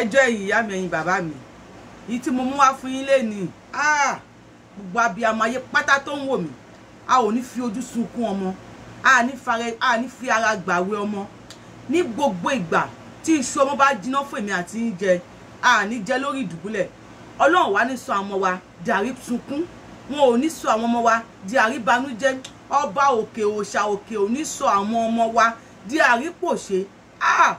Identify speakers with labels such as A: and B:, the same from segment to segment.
A: ẹjọ́ ẹ̀yin ìyá mi ẹ̀yin bàbá mi èyí tí mo mú wá fún yín lénìí ah, gbogbo abiyamọ ayé pátá tó ń wò mí a ò ní fi ojú sunkún ọmọ a ní fi ara gbàwé ọmọ ní gbogbo ìgbà tí iṣu ọmọ bá jiná fún èmi àti ń jẹ a ní jẹ lórí ìdùbúlẹ̀ ọlọ́run wá ní sọ àwọn ọmọ wa di àrí sunkún wọn ò ní sọ àwọn ọmọ wa di àrí banújẹ́ ọba òkè òòṣà òkè ò ní sọ àwọn ọmọ wa di àrí pòṣe ah,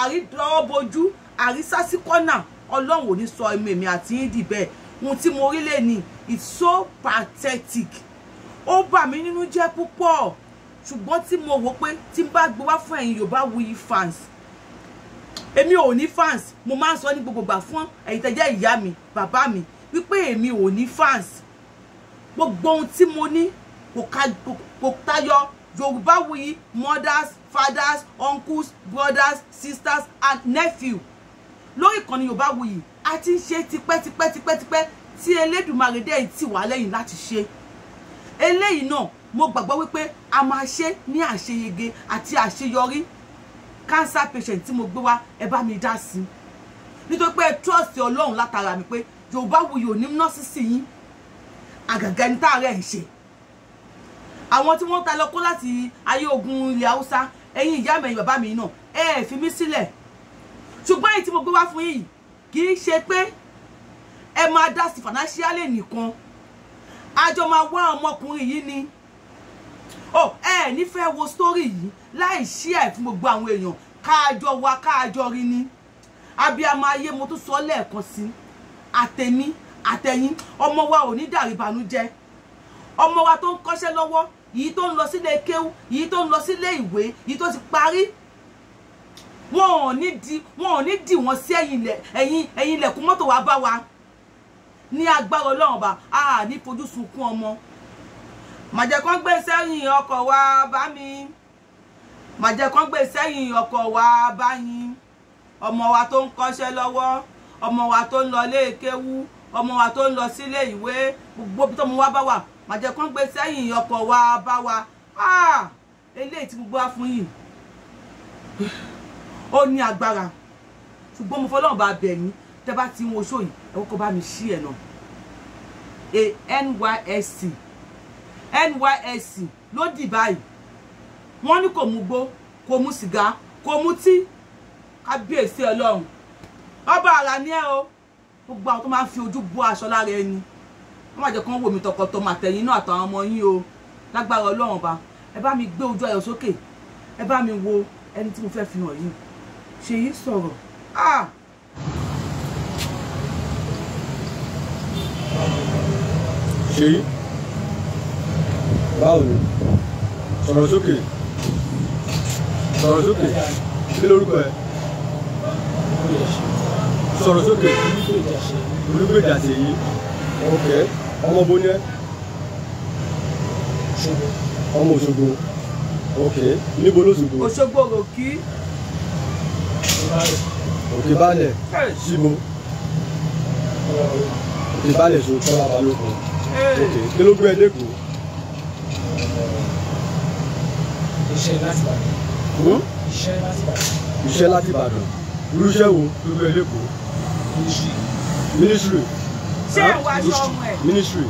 A: àrí dọ́wọ́ bojú àrísá sí kọ́nà ọlọ́run ò ní sọ ẹ̀mí èmi àti yín dì bẹ́ẹ̀ ohun tí mo rí lè ní it's so pathetic ó bà mí nínú jẹ́ púpọ̀ ṣùgbọ́n tí mo wò pé tí n bá gbé wá fún ẹ̀yin Yorùbáwùyí fans èmi ò ní fans mo máa ń sọ ní gbogbo ìgbà fún ẹ̀yin tẹ́jẹ́ ìyá mi bàbá mi wípé èmi ò ní fans gbogbo ohun tí mo ní kò tayọ Yorùbáwùyí mothers fathers uncles brothers sisters and nephews lórí ìkànnì Yorùbáwùyí a ti ń ṣe tipẹ́tipẹ́tipẹ́tipẹ́ tí Elédùmarè dẹ̀ tì wá lẹ́yìn láti ṣe eléyìí náà mo gbàgbọ́ wípé a máa ṣe ní àṣeyege àti àṣeyọrí cancer patient tí mo gbé wá ẹ bá mi dá sí nítorí pé trust Ọlọ́run látara mi pé Yorùbáwùyí ò ní nọ́ọ̀sì yín àgàgà ní tààrẹ ń ṣe àwọn tí wọ́n ta lọ kó láti ayé ogun ilẹ̀ haúsá ẹ̀yin ìyá mẹ́yìn bàbá mi náà ẹ sílẹ̀ ṣùgbọ́n èyí tí mo gbé wá fún yìí kì í ṣe pé ẹ máa dá sí financially nìkan àjọ máa wá ọmọkùnrin yìí ni ó ẹ ní wo story yìí láì ṣí ẹ̀ fún gbogbo àwọn èèyàn káàjọ wa káàjọ rí ni abiyamọ ayé mo tún sọ lẹ́ẹ̀kan sí àtẹ̀mí àtẹ̀yìn ọmọ wa ò ní dàríbanújẹ́ ọmọ wa tó ń kọ́ṣẹ́ lọ́wọ́ yìí tó ń lọ sílé kéwú yìí tó ń lọ sílé ìwé yìí tó ti parí wọn ò ní di wọn ò ní dì wọ́n sí ẹ̀yìn ẹ̀yìn ẹ̀yìn ilẹ̀kùn mọ́tò wa bá wa ní agbára ọlọ́run bá a ní fojú sunkún ọmọ màjẹ̀kán gbé sẹ́yìn ọkọ̀ wa bá mi màjẹ̀kán gbé sẹ́yìn ọkọ̀ wa bá yín ọmọ wa tó ń kọ́ṣẹ́ lọ́wọ́ ọmọ wa tó ń lọ léèkéwú ọmọ wa tó ń lọ sílé ìwé gbogbo tó mú wá bá wà màjẹ̀kán gbé sẹ́yìn ọkọ̀ wa bá wa ah! eléyìí tí gbogbo wa fún yìí ó ní agbára ṣùgbọ́n mo fọlọ́run bá bẹ̀ yín tẹ́ bá ti ń wo ṣó yìí ẹ kọ́kọ́ bá mi ṣí ẹ̀ náà a nysc nysc ló dì báyìí wọ́n ní kò mú gbó kò mú sìgá kò mú tí kábíyèsí ọlọ́run ọba àrà ni ẹ o gbogbo àwọn tó máa ń fi ojú bó aṣọ lára ẹni wọ́n máa jẹ́ kán wò mí tọkọtọ màtẹ̀yìn náà àtàwọn ọmọ yín o lágbára ọlọ́run ọba ẹ bá mi gbé ojú ayọ̀ sókè ẹ bá mi wo ẹni tí mo fẹ́ fi hàn yìí ṣèyí sọ̀rọ̀ ah.
B: ṣèyí báwo ni sọ̀rọ̀ sókè sọ̀rọ̀ sókè kí lórúkọ ẹ sọ̀rọ̀ sókè olùgbèjà ṣèyí ọ̀kẹ́ ọmọ bóni ẹ ọmọ Òṣogbo ọ̀kẹ́ níbo lóṣogbo Òṣogbo rò kí òkè balẹ̀ síbo òkè balẹ̀ sọ tọ́lá balógun òkè kí ló gbé ẹdẹ́kù. Hm? iṣẹ́ láti Ìbàdàn. iṣẹ́ láti Ìbàdàn irú iṣẹ́ wo ló gbé ministry. ministry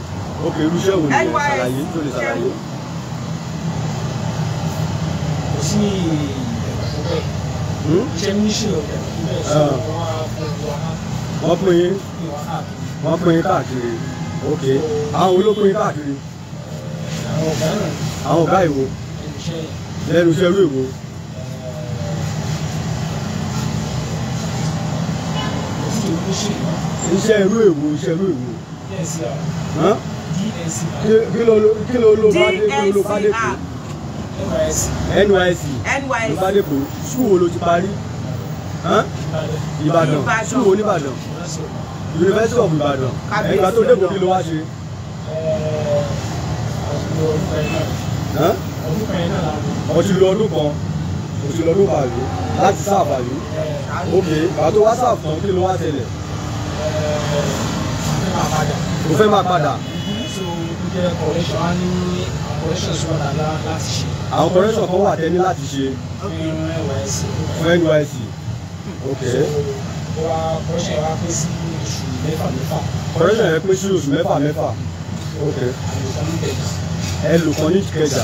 B: òkè hm? irú iṣẹ́ wo ni ẹ ṣàlàyé tó lè ṣàlàyé. kò sí ìyẹn ṣe ń ṣírò kẹ̀kẹ́ wọ́n pín in wọ́n pín in káàkiri ok àwọn olópin káàkiri àwọn ọ̀gá ìwo lẹ́nu iṣẹ́ irú ìwo. iṣẹ́ irú ìwo iṣẹ́ irú ìwo kí ló ló bá dé kí ló ló bá dé kú
C: nysc ìbádẹ́pọ̀
B: sùwò ló ti parí ìbàdàn sùwò nìbàdàn university of ìbàdàn ìgbà tó dẹ́kun kí ló wá ṣe. ọtí lọ ọdún kan ọtí lọ ọdún bàálù láti sáàbàálù ok ìgbà tó wá sáàfún kí ló wá ṣẹlẹ̀
C: o fẹ́ máa padà. so o jẹ correction a ní correction sọ̀rọ̀ láti
B: àwọn correction kan wà tẹ́ni láti ṣe
C: fún NYSC. correction yẹn pín sí oṣù mẹ́fà mẹ́fà. correction
B: yẹn pín sí oṣù mẹ́fà mẹ́fà. ẹ lò kan ní Ìkẹjà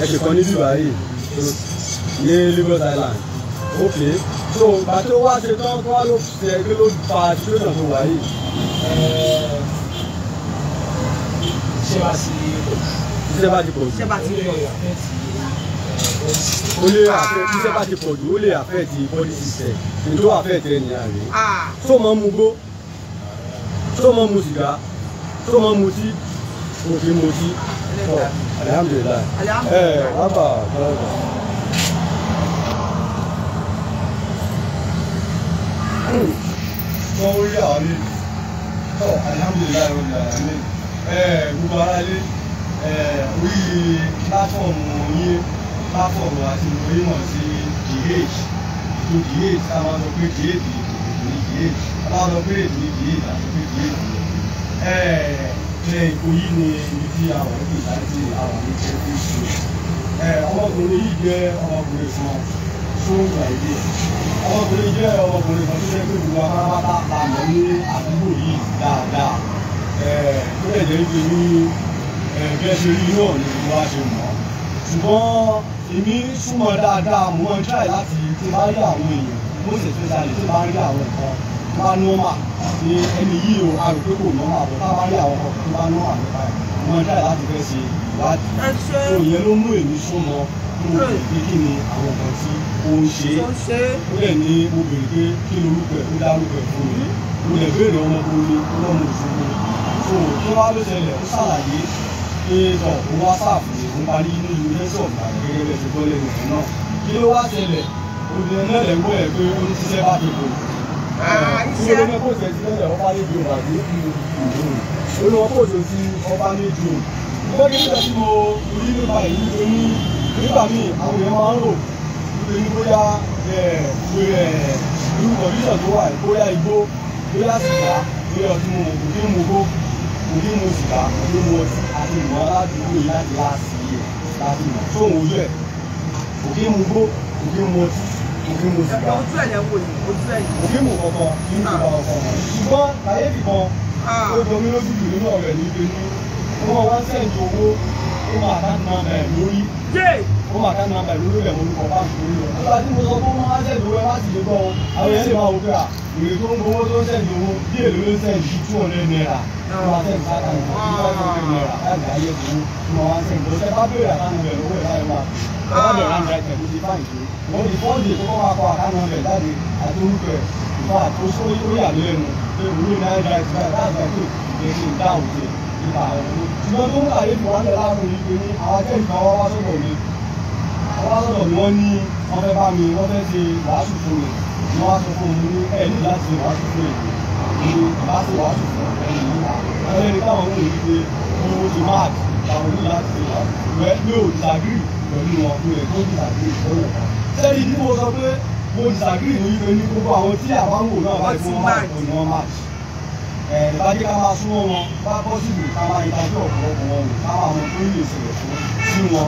B: ẹ ṣe kan ní Dubai ní Lagos Island ok so bàtí ó wá ṣe tán tó wá ló ṣe kí ló fa situation tó wáyé. ṣé wàá sí oṣù tíṣẹ́ bá ti pọ̀ jù ó
C: lè
B: àfẹ́ tíṣẹ́ bá ti pọ̀ jù ó lè àfẹ́ ti body system ní tó àfẹ́ tẹ ní àárẹ̀ tó mọ̀ mu gbó tó mọ̀ mu sìgá tó mọ̀ mu tí kò fi mu tí pọ̀ alihamudulilayi ẹ rábà lọ́dọ̀. wọ́n wọlé àwọn mi alihamudulilayi wọ́n lè eh, ẹ gbogbo lé orí pátọ́ọ̀mù yín pátọ́ọ̀mù àti onímọ̀ sí DH ètò DH tá sọ pé DH ètò ní DH tá sọ pé ètò ní DH àti pé DH ẹ èkó yìí ni ibi tí a wà láti àwọn ní tẹ́tí ṣe ọmọkùnrin yìí jẹ́ ọmọkùnrin kan tó ń ọmọkùnrin jẹ́ ọmọkùnrin kan tó jẹ́ pé gbogbo apárápátá la ní àdúgbò yìí dáadáa tó lè jẹ́ pé ní ẹ̀ẹ́dẹ́ ṣe rí náà ni mo wá ṣe mọ̀ ṣùgbọ́n èmi súnmọ́ dáadáa mo máa ń try láti tí bá rí àwọn èèyàn mo sì especially tí bá rí àwọn nǹkan tó bá nọ́mà ní ẹni yìí o àrò pé kò nọ́mà bọ́ tá bá rí àwọn nǹkan tó bá nọ́mà nípa ẹ̀ mo máa ń try láti fẹ́ ṣe ìwádìí tó yẹn ló mú èmi súnmọ́ mo bèrè kí ni àwọn nǹkan tí ó ń ṣe ó lẹ̀ ní mo bèrè pé kí lorúkọ ẹ̀ ó dárúkọ ẹ̀ fún mi mo lẹ̀ béèrè ọmọ ọlọ́mọ òṣogbo fún òun wá ló ṣẹlẹ̀ ó ṣàlàyé pé kọ̀ọ̀kú wá sàfihàn nípa ní inú yunifásitì ọ̀gá gẹ́gẹ́ bẹ́ẹ̀ ti gbọ́lẹ̀ ìwé náà kí ló wá ṣẹlẹ̀ obìnrin náà lẹ́wọ́ ẹ̀ pé ó ní ṣiṣẹ́ bá ti bò ó ló ní sí lẹ́lẹ̀ ọba ní ìdíwọ̀n àti ìdíwọ̀n ó ló kó tẹ̀ sí ọba ní ìdíwọ̀n gbẹ́gẹ́ nígbà tí mo rí nípa èyí tó ní nígbà míì àwọn èèyàn máa ń rò pé ní bóyá irú kọ̀ọ̀dúnṣàn tó wà bóyá igbó bóyá sìgá kò ní mu sìgá kò ní mu àti ìmọ̀ aládùúgbò yìí láti láàsì yìí láti mọ̀ sóhun ojú ẹ̀ kò ní gbó kò ní mu ọtí kò ní mu ojú ẹ̀ lẹ́wọ̀ yìí ojú ẹ̀ yìí kò ní kankan kì í mu kankan ṣùgbọ́n kàyéfì kan ah. ó jọ mí lójú jù nínú ọ̀rẹ́ ní ibi ní wọ́n wá sẹ́ǹdì owó ó máa dá eh, wọ́n máa káàmì nàmbà ìlú lẹ̀ orúkọ báńkì orí rẹ̀. ọ̀la tí mo sọ fún wọn á ṣẹ̀dù láti lè gbọ́ wọn àwọn yẹn lè máa wò pé à èrè tó ń gbowó tó ń ṣẹ̀dù owó bí èlò ló ń ṣẹ̀dù ju two hundred naira tó wá ṣẹ̀dù sáta nìkan two hundred naira láti ayé tó tó wá ṣẹ̀dù tó ṣẹ́ bá béèrè àtàwọn ẹ̀rọ owó ìlà ẹ̀wà bá bẹ̀rẹ̀ àǹdà ẹ̀kẹ́ tó ti báyìí tó wọ́n ti fọ́ọ̀dì tó kọ́ akọ àkànnà rẹ̀ jáde ẹ̀ ìfà tó sórí alásọ̀dọ̀ mi wọ́n ní wọ́n fẹ́ bá mi wọ́n fẹ́ ṣe wàásù fún mi wọ́n á sọ fún mi ní ẹ̀ láti ṣe wàásù fún èyí ni bá wàásù fún ẹ̀yìn yìí ẹlẹ́ni táwọn ń rìn pé owó ti máa àwọn ní láti ṣe wàásù rẹ mi ò dìsàgírì pẹ̀lú wọn mi ò tó dìsàgírì pẹ̀lú sẹ́yìn tí mo sọ pé mo dìsàgírì ní ife ní gbogbo àwọn tí àbáwò náà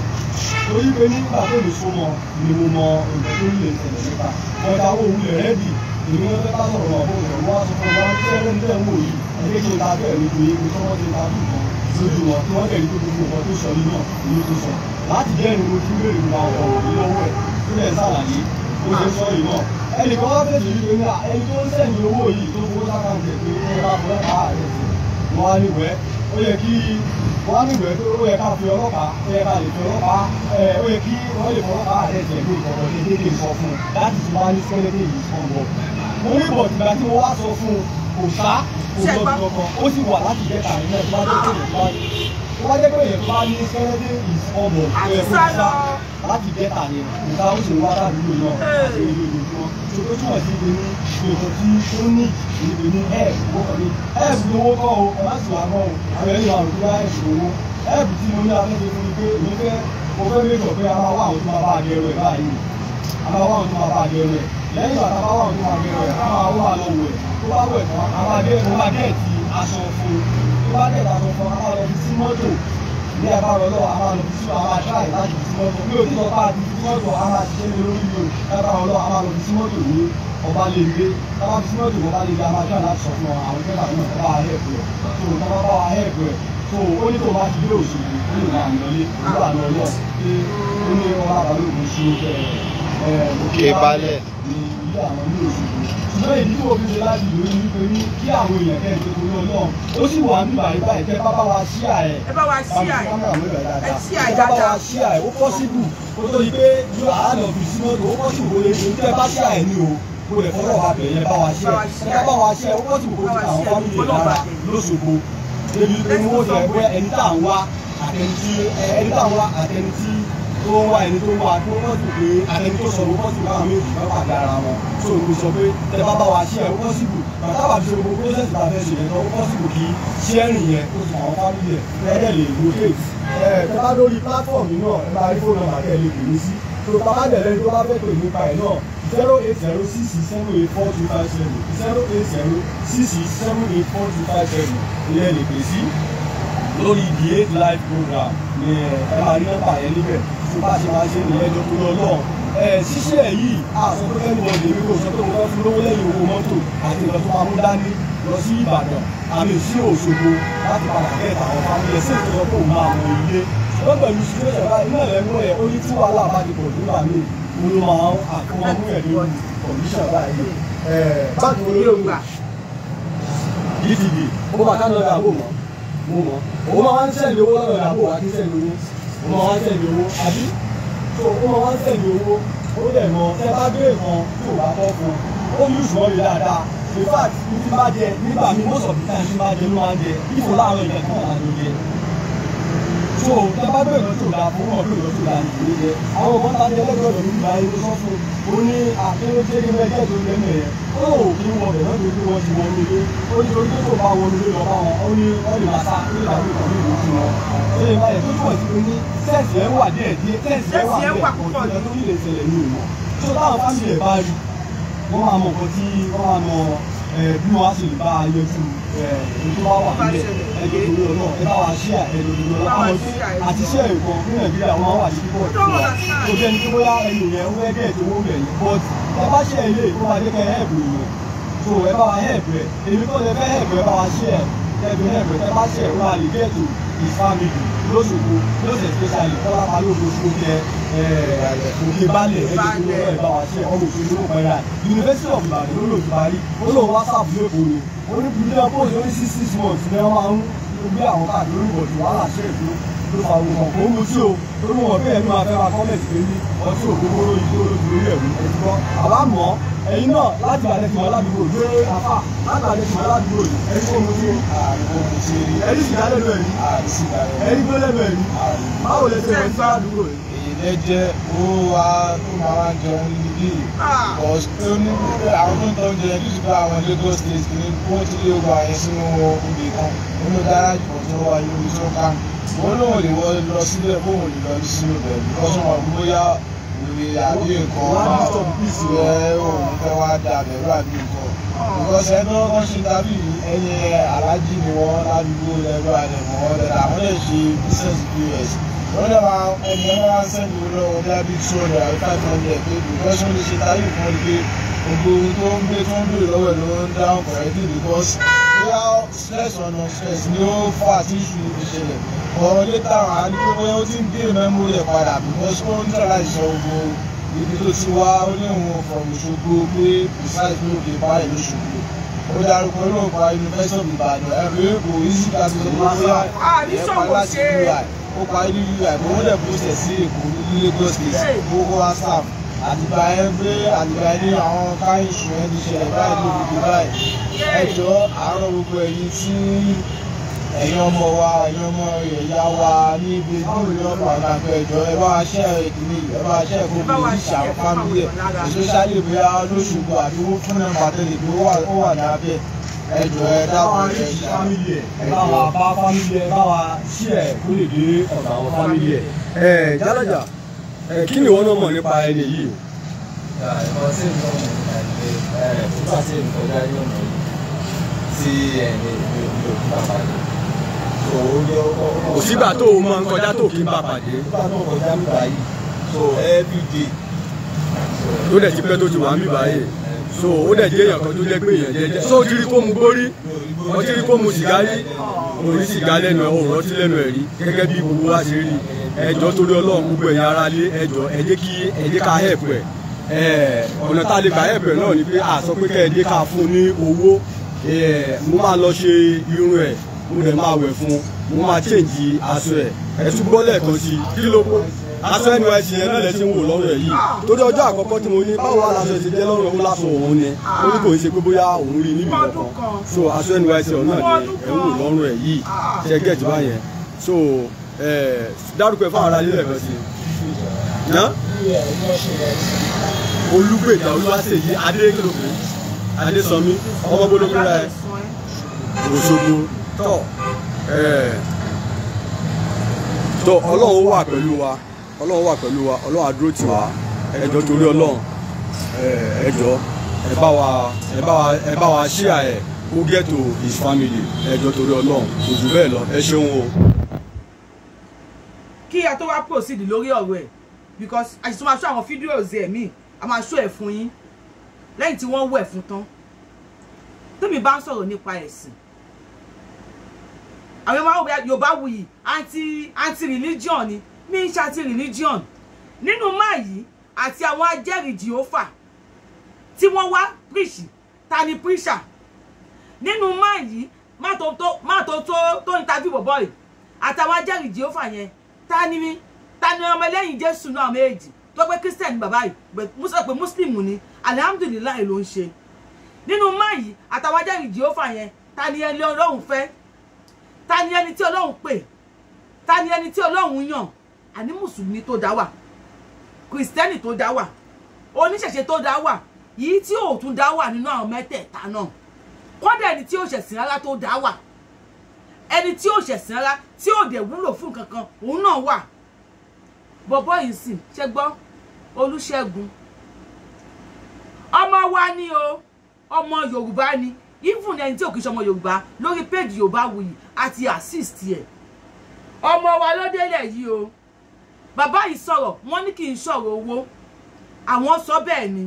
B: bá ti torí pé nígbà tó lè so mọ ni mo mọ òbí tó lè tẹ̀lé nípa ọjà òun lè rẹ́dì èmi wọn fẹ́ bá sọ̀rọ̀ náà bó lọ wá sọ fún wa iṣẹ́ ló ń wò yìí ẹgbẹ́ kí n ta bẹ́ẹ̀ ni pé ibi tí wọ́n ti ta dùn kan lójú wọn tí wọ́n tẹ̀lé tó gbogbo nǹkan tó sọ yìí náà ni tó sọ láti jẹ́ ìrìn ojú béèrè ìgbà ọ̀rọ̀ yìí lọ́wọ́ ẹ̀ tó lẹ̀ sàlàyé ṣe sọ yìí náà ẹnì wá fèsì yìí pé ẹni tó ń sẹ́yìn owó yìí tó fowó sákàǹtẹ̀ pé ẹ bá fọ́ wọ́n á níwẹ̀ ó yẹ kí wọ́n á níwẹ̀ tó ó yẹ ká fi ọlọ́pàá ó yẹ ká lè fi ọlọ́pàá ó yẹ kí wọ́n lè fọlọ́pàá àtẹ̀jẹ̀ ìlú ìkọ̀kọ̀ ní dédé sọ fún un láti ti máa ní sẹ́lẹ̀dẹ̀ yìí sàn bọ̀. mo ní bọ̀ ìgbà tí mo wá sọ fún un kò sá kò lọ bí ọkọ̀ ó sì wà láti jẹ́ tàbí náà tó bá jẹ́ pé èèyàn bá ní sẹ́lẹ̀dẹ̀ yìí ó yẹ kó sá láti jẹ́ tàbí náà kò sá ó sì wá láti ìlú náà àti ìlú ìlú náà so tó túmọ̀ sí ìdènú ìgbèkùn tí ó ní ìdènú ẹ̀ẹ́dì owó kan ní ẹ̀ẹ́dì owó kọ́ o má sì wá mọ́ o àwọn ẹ̀yìn àrùn tó bá ẹ̀sùn owó ẹ̀ẹ́dì tí mo ní afẹ́fẹ́ fún mi pé mo fẹ́ mo fẹ́ méjọ pé a máa wá àwọn tó máa bá agẹrù ẹ̀ báyìí a máa wá àwọn tó máa bá agẹrù ẹ̀ lẹ́yìn ìgbà àwọn tó máa agẹrù ẹ̀ a máa wá àlọ́ wẹ̀ tó tó bá dẹ̀ aṣọ fún a máa lọ bí agbára ọlọ́wọ́ a máa lọ sí mọ́tò a máa ṣáà láti fi sí mọ́tò bí òtítọ́ bá ti fi sí mọ́tò a máa ṣiṣẹ́ lé lórí o agbára ọlọ́wọ́ a máa lọ fi sí mọ́tò ní ọba lè gbé tábà fi sí mọ́tò ọba lè gbé a máa ṣáà láti sọ fún àwọn ìjọba náà tó bá ahẹ́ ẹ̀kọ́ rẹ̀ tó tó bá bá ahẹ́ ẹ̀kọ́ rẹ̀ tó ó ní tó bá ti dé òṣèlú ó lè máa lọlé nígbà náà lọ pé ó ní ọba àbálòkùn sí òkè balẹ̀ ní ilé àwọn ilé òṣèlú ṣùgbọ́n èyí wò fi ṣe láti lò ó ní kí àwọn èèyàn kẹ́ ìṣe torí ọlọ́run ó sì wà nígbà ìgbà ìkẹ́ bá bá wa ṣí àyẹ̀ ẹ
A: bá wa ṣí àyẹ̀ ẹ bá wa
B: ṣí àyẹ̀ ó pọ́sibù ó tó yí pé yóò àádọ́ fi sí mọ́tò ó pọ́sibù ó lè ṣe tẹ́ bá ṣí àyẹ̀ ni o kó lè fọ́rọ̀ wa bẹ̀ yẹn bá wa ṣí ẹ̀ ẹ bá wa ṣí ẹ̀ ó pọ́sibù kó tó ń wá ẹni tó wá tó wọ́n pé àtẹni tó sọ̀rọ̀ wọ́n sì báwọn méjì bá pàdé ara wọn so n sọ pé tẹ bá bá wa ṣe ẹ wọ́n sì bù bàtà wà ṣe gbogbo process bá fẹ́ ṣe yẹn lọ wọ́n sì bù kí ṣẹ́rìn yẹn kó sì àwọn family ẹ̀ ẹ̀ẹ́dẹ̀ lè locate ẹ̀ tẹ bá lórí platform yìí náà ẹ bá rí fóònù àtẹ lè pè mí sí tó bá dẹ̀ lẹ́ni tó bá fẹ́ pè nípa ẹ̀ náà zero eight zero six seven eight four two five seven zero eight zero six seven eight four two five seven ilé lè pè sí lórí the eight life program ni ẹ máa rí nọ́mbà yẹn níbẹ̀ tó bá ṣe máa ṣe nìyẹn jọ kúrò náà ẹ ṣíṣe yìí àṣọ pé kẹ́ni wọ̀nyí mi kò sọ pé mo fẹ́ fún lówó lẹ́yìn owó mọ́tò àti nǹkan tó máa mú dání lọ sí Ìbàdàn àmì sí Òṣogbo láti padà kẹta àwọn fámìlì ẹsẹ̀ tó sọ pé òun máa wọ ilé wọ́n pẹ̀lú situation báyìí náà lẹ́nu ẹ̀ ó ní tí wàhálà bá ti pọ̀ nígbà míì mo ló máa ń àkómọ́ mú ẹ̀ ní condition báyìí báàgì wo ló lè wù DTV mo mọ̀ òun máa ń sẹ́ni owó lọ́dọ̀ ìyàbò wa sẹ́ni owó òun máa ń sẹ́ni owó àbí tó ó máa ń sẹ́ni owó ó dẹ̀ mọ tẹ gbé nǹkan tí ò bá tọ́ fún ó yí ìṣúná mi dáadáa in fact ní ti bá jẹ nígbà mi most of the time ti bá jẹ ló máa ń jẹ ìfọ̀ láàárọ̀ ìjẹ̀kọ́ àwọn àjò jẹ so tábà bẹ̀rẹ̀ lọ́tò la fún ọ̀dọ́ lọ́tò la nìyí yẹ àwọn ọ̀gbọ́n ta ni ẹlẹ́gbẹ̀rún ìlú ìgbà yẹn sọ fún un ní akéwọ́jẹ́ ní mẹ́jẹ́ tó lẹ́nu ẹ̀ ó kí wọ́n bẹ̀rẹ̀ lọ́tò kí wọ́n ti wọ́n nílé ó ní torí tó bá wọn nílé lọ́ba wọn ó ní wọ́n lè máa sá nígbà ní ìlú fún ṣé ìgbà tó túmọ̀ bí wọ́n sì bá a yọjú ètò bá wà nílẹ̀ ẹgbẹ́ torí ọ̀nà ẹ bá wa ṣí àtẹ̀lẹ̀ òdòdó àwọn àti ṣe ẹ̀kọ́ ní nàìjíríà wọn wà sí pọ̀ tó kò jẹ́ ní kí bóyá ẹnu yẹn ń wẹ́gẹ̀ tó wọ́n rẹ̀ yìí but ẹ bá ṣe ilé ìfún wa jẹ́ yẹn so ẹ bá wa ẹ̀bù ẹ̀ èmi kọ́ lẹ fẹ́ ẹ̀bù ẹ bá wa ṣe ẹ̀ ẹ̀bù ẹ̀bù ẹ bá ṣe ẹ̀rọ àlè gẹ̀ẹ́tò his family lọ́sọ̀gbọ̀ lọ́sẹ̀ especially kọ́lá balógun sókè òkè balẹ̀ ẹ̀dẹ̀kùnrin ọ̀rọ̀ ìbá wa ṣe ọmọ òṣèlú ló pẹ̀lá University of Ibadan ló lò tó parí ó lọ WhatsApp lẹ́kọ̀ọ́ ni ó ní bùdíà bóyá ó ní six six months ní ọmọ àwọn gbé àwọn káàdì lórúkọ tí wàhálà ṣe èkó ló fa àwọn ọkọ̀ owó tí o lórúkọ bẹ́ẹ̀ ló máa fẹ́ wa kọ́mẹ̀tì pé ní ọtí òkúkúrú yìí tó lójú lórí ẹ̀rú ẹ̀dúgbọ́ ẹ̀yin náà láti bàtẹ́ tìmọ́ ládùúgbò yé afa láti bàtẹ́ tìmọ́ ládùúgbò yìí ẹni tó mú yé
C: ẹni sì dálé lọ ẹni ẹni gbélé lọ ẹni báwo lè ṣe ẹni tó ládùúgbò yìí. èyílẹ̀ jẹ́ ó wá tó máa ń jẹun níbí ọ̀sùn ní àwọn tó ń tọ́ oúnjẹ yẹn lùsùn bá àwọn Lagos State kìíní wọ́n ti lé ogun àyẹ̀ sínú ibì kan nínú gáràjì kan tó wáyé orí sọ́kàn òun lòun lè lọ sílẹ̀ fóun lè lọ sí ibẹ̀ bí olè àbí nǹkan ẹ òun fẹ́ wá da bẹ̀rù àbí nǹkan because ẹni wọn ṣe tàbí ẹyẹ alájí ni wọn ládùúgbò lẹ́nu àdẹ̀mọ́ ọ̀dẹ̀dà àwọn lè ṣe business pos wọ́n lè máa ẹni ẹ máa sẹ́ni olówó dábí two hundred àbí five hundred pé because wọ́n ṣe tàbí fún ọ pé gbogbo tó ń gbé tó ń gbé lọ́wọ́ ló ń dáhùn correctly because stress ọ̀nà stress ni ó fà tí ìṣòro fi ṣẹlẹ̀ ọ̀rọ̀ létà àdúgbò ó ti ń dé mẹ́mórì ẹ̀ padà because ó ń tọ́ láti sọ gbogbo ibi tó ti wá ó léwọn from pé precise ló dé báyìí lóṣogbo ó darúgbó ló pa University of Ibadan ẹ̀rọ èkó easy class ló wá sí ẹ̀pá ah, láti ui ó pa ní ui kò wọ́n dẹ̀ sí èkó ní Lagos state ó kó wá sáà àtìgbà ẹ àwọn káyìn ṣùgbọ́n ẹni ṣẹlẹ̀ báyìí lóbi báyìí ẹ jọ̀ọ́ gbogbo ẹ̀yin tí ẹ̀yin ọmọ wa ẹ̀yin ọmọ ìyá wa níbi ìdúró lọ́pọ̀ àgbàgbọ́ ẹ̀jọ́ ẹ bá wa ṣẹ́ ìkíní ẹ bá wa ṣẹ́ ìkókò ìṣà fámílì ẹ̀ sọ́ṣálì bóyá lóṣùgbọ́ àbí wọ́n fún nàmbà tẹ̀lé pé ó wà lábẹ́ ẹ̀jọ́ ẹ dáwọn ẹ̀ ṣe fámílì ẹ̀
B: bá wa bá fámílì ẹ̀ bá wa ṣẹ́ ẹ̀ kó lè dé ọ̀dọ̀ àwọn fámílì ẹ̀. ẹ Jalaja ẹ kí ni wọn náà mọ̀ nípa ẹni yìí o. ìgbà ìmọ̀ sí ìmọ̀ tí ẹ̀mí mi ò bá pàdé kò sígbà tó o mọ nkọjá tó kí n bá pàdé so everyday. tó dẹ̀ ti pẹ́ tó ti wà mí báyìí so ó dẹ̀ jẹ́ èèyàn kan tó jẹ́ pé èèyàn jẹ́jẹ́ so ti rí kó mu gbórí wọ́n ti rí kó mu sìgá rí mo rí sìgá lẹ́nu ẹ̀ òòrùn ọtí lẹ́nu ẹ̀ rí gẹ́gẹ́ bí gbogbo wa ṣe rí ẹjọ́ torí ọlọ́run gbogbo ẹ̀yin ara lé ẹjọ́ ẹ jẹ́ kí ẹ jẹ́ ká help ẹ̀ ọ̀nà tá a lè gbà help ẹ̀ náà ni pé a sọ pé kẹ́ ẹ jẹ́ ká fún ní owó mo máa lọ ṣe irun ẹ̀ mo dẹ̀ máa wẹ̀ fún mo máa change aṣọ ẹ̀ ẹ̀ tún gbọ́ lẹ́ẹ̀kan sí kí ló kó aṣọ ẹnu ẹsìn yẹn náà lè ṣe ń wò lọ́rùn ẹ̀ yìí torí ọjọ́ àkọ́kọ́ tí mo ní báwo aláṣọ ṣe jẹ́ lọ́rùn ẹ̀hún láṣọ òun ni ó ní kò ń ṣe pé bóyá òun rí níbi
C: kankan so aṣọ
B: ẹnu ẹsìn ọ̀hún náà ni ẹ̀ ń wò lọ́rùn ẹ̀ yìí ṣe gẹ̀ẹ́tì báyẹn so dárúkọ ẹ̀ fún ara nílẹ̀ kan sí i. olùgbèjà olúwaṣèyí adékèké Adésànmí ọmọ bolomira ẹ Òṣogbo tọ ẹ tọ Ọlọ́run wà pẹ̀lú wa Ọlọ́run wà pẹ̀lú wa Ọlọ́run á dúró tì wá ẹ jọ̀ọ́ torí Ọlọ́run ẹ jọ̀ọ́ ẹ bá wa ẹ bá wa ẹ bá wa ṣíà ẹ kó gẹ́tò his family ẹ jọ̀ọ́ torí Ọlọ́run kò jù bẹ́ẹ̀ lọ ẹ ṣeun o.
A: kí a tó wá proceed lórí ọ̀rọ̀ ẹ̀ because àṣìṣe máa ṣọ́ àwọn fídíò ẹ̀ míì a máa ṣọ́ ẹ̀ fún yín lẹ́yìn tí wọ́n wẹ̀ fún tán tèmi bá ń sọ̀rọ̀ nípa ẹ̀sìn àwọn ọmọ yorùbá wuyì anti anti religion ni mi ń ṣe anti religion nínú máa yìí àti àwọn ajẹ́rìí jehova tí wọ́n wá píríṣì ta ni píríṣà nínú máa yìí má tó tó tó ń tajú bọ̀bọ̀ yìí àtàwọn ajẹ́rìí jehova yẹn ta ni mi ta ni ọmọ ẹlẹ́yìn jésù náà méjì tó pé christian bàbá yìí sọ pé muslim ni alihamudulilayi ló ń ṣe nínú máyì àtàwọn ajá ìjìófà yẹn ta ni ẹni ọlọ́run fẹ́ ta ni ẹni tí ọlọ́run pè ta ni ẹni tí ọlọ́run yàn àní mùsùlùmí tó dá wà kìrìsìtẹ́nì tó dá wà oníṣẹ̀ṣe tó dá wà yìí tí ò tún dá wà nínú àwọn mẹ́tẹ̀ẹ̀ta náà kọ́dà ẹni tí ò ṣẹ̀sìn rárá tó dá wà ẹni tí ò ṣẹ̀sìn rárá tí ò dẹ̀ wúlò fún kankan òun náà wà bọ̀bọ́ yìí sì ṣe Olúṣẹ́gun ọmọ wa ni o ọmọ Yorùbá ni even ẹni tí ò kìí ṣọmọ Yorùbá lórí péjì Yorùbá wuyì àti assist ẹ̀ ọmọ wa ló délẹ̀ yìí o bàbá yìí sọ̀rọ̀ wọ́n ní kì í sọ̀rọ̀ owó àwọn sọ bẹ́ẹ̀ ni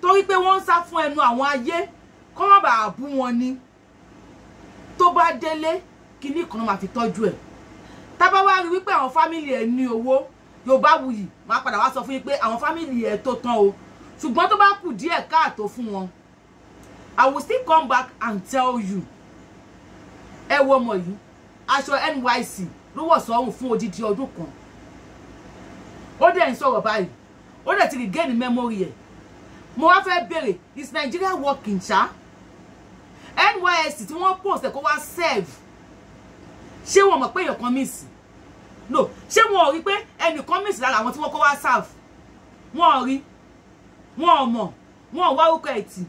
A: torí pé wọ́n ń sá fún ẹnu àwọn ayé kọ́ má bàa bú wọn ni tó bá délé kíní kan máa fi tọ́jú ẹ̀ tá bá wá rí wípé àwọn fámìlì ẹ̀ ní owó Yorùbáwùyí máa padà wá sọ fún yín pé àwọn fámìlì ẹ̀ tó tán o ṣùgbọ́n tó bá kù díẹ̀ káàtó fún wọn I will still come back and tell you ẹ wo ọmọ yìí aṣọ NYSC ló wọ̀ sọ́run fún odidi ọdún kan ó dẹ̀ ń sọ̀rọ̀ báyìí ó dẹ̀ ti regain memory ẹ̀ mo wá fẹ́ béèrè is Nigeria working ṣá NYSC tí wọ́n post ẹ̀ kó wá serve ṣé wọ́n mọ̀ pé èèyàn kan miss no ṣé wọn ò rí pé ẹnìkan mìsì lára àwọn tí wọ́n kó wá serve wọn ò rí wọn ò mọ̀ wọn ò wá orúkọ ẹ̀ tì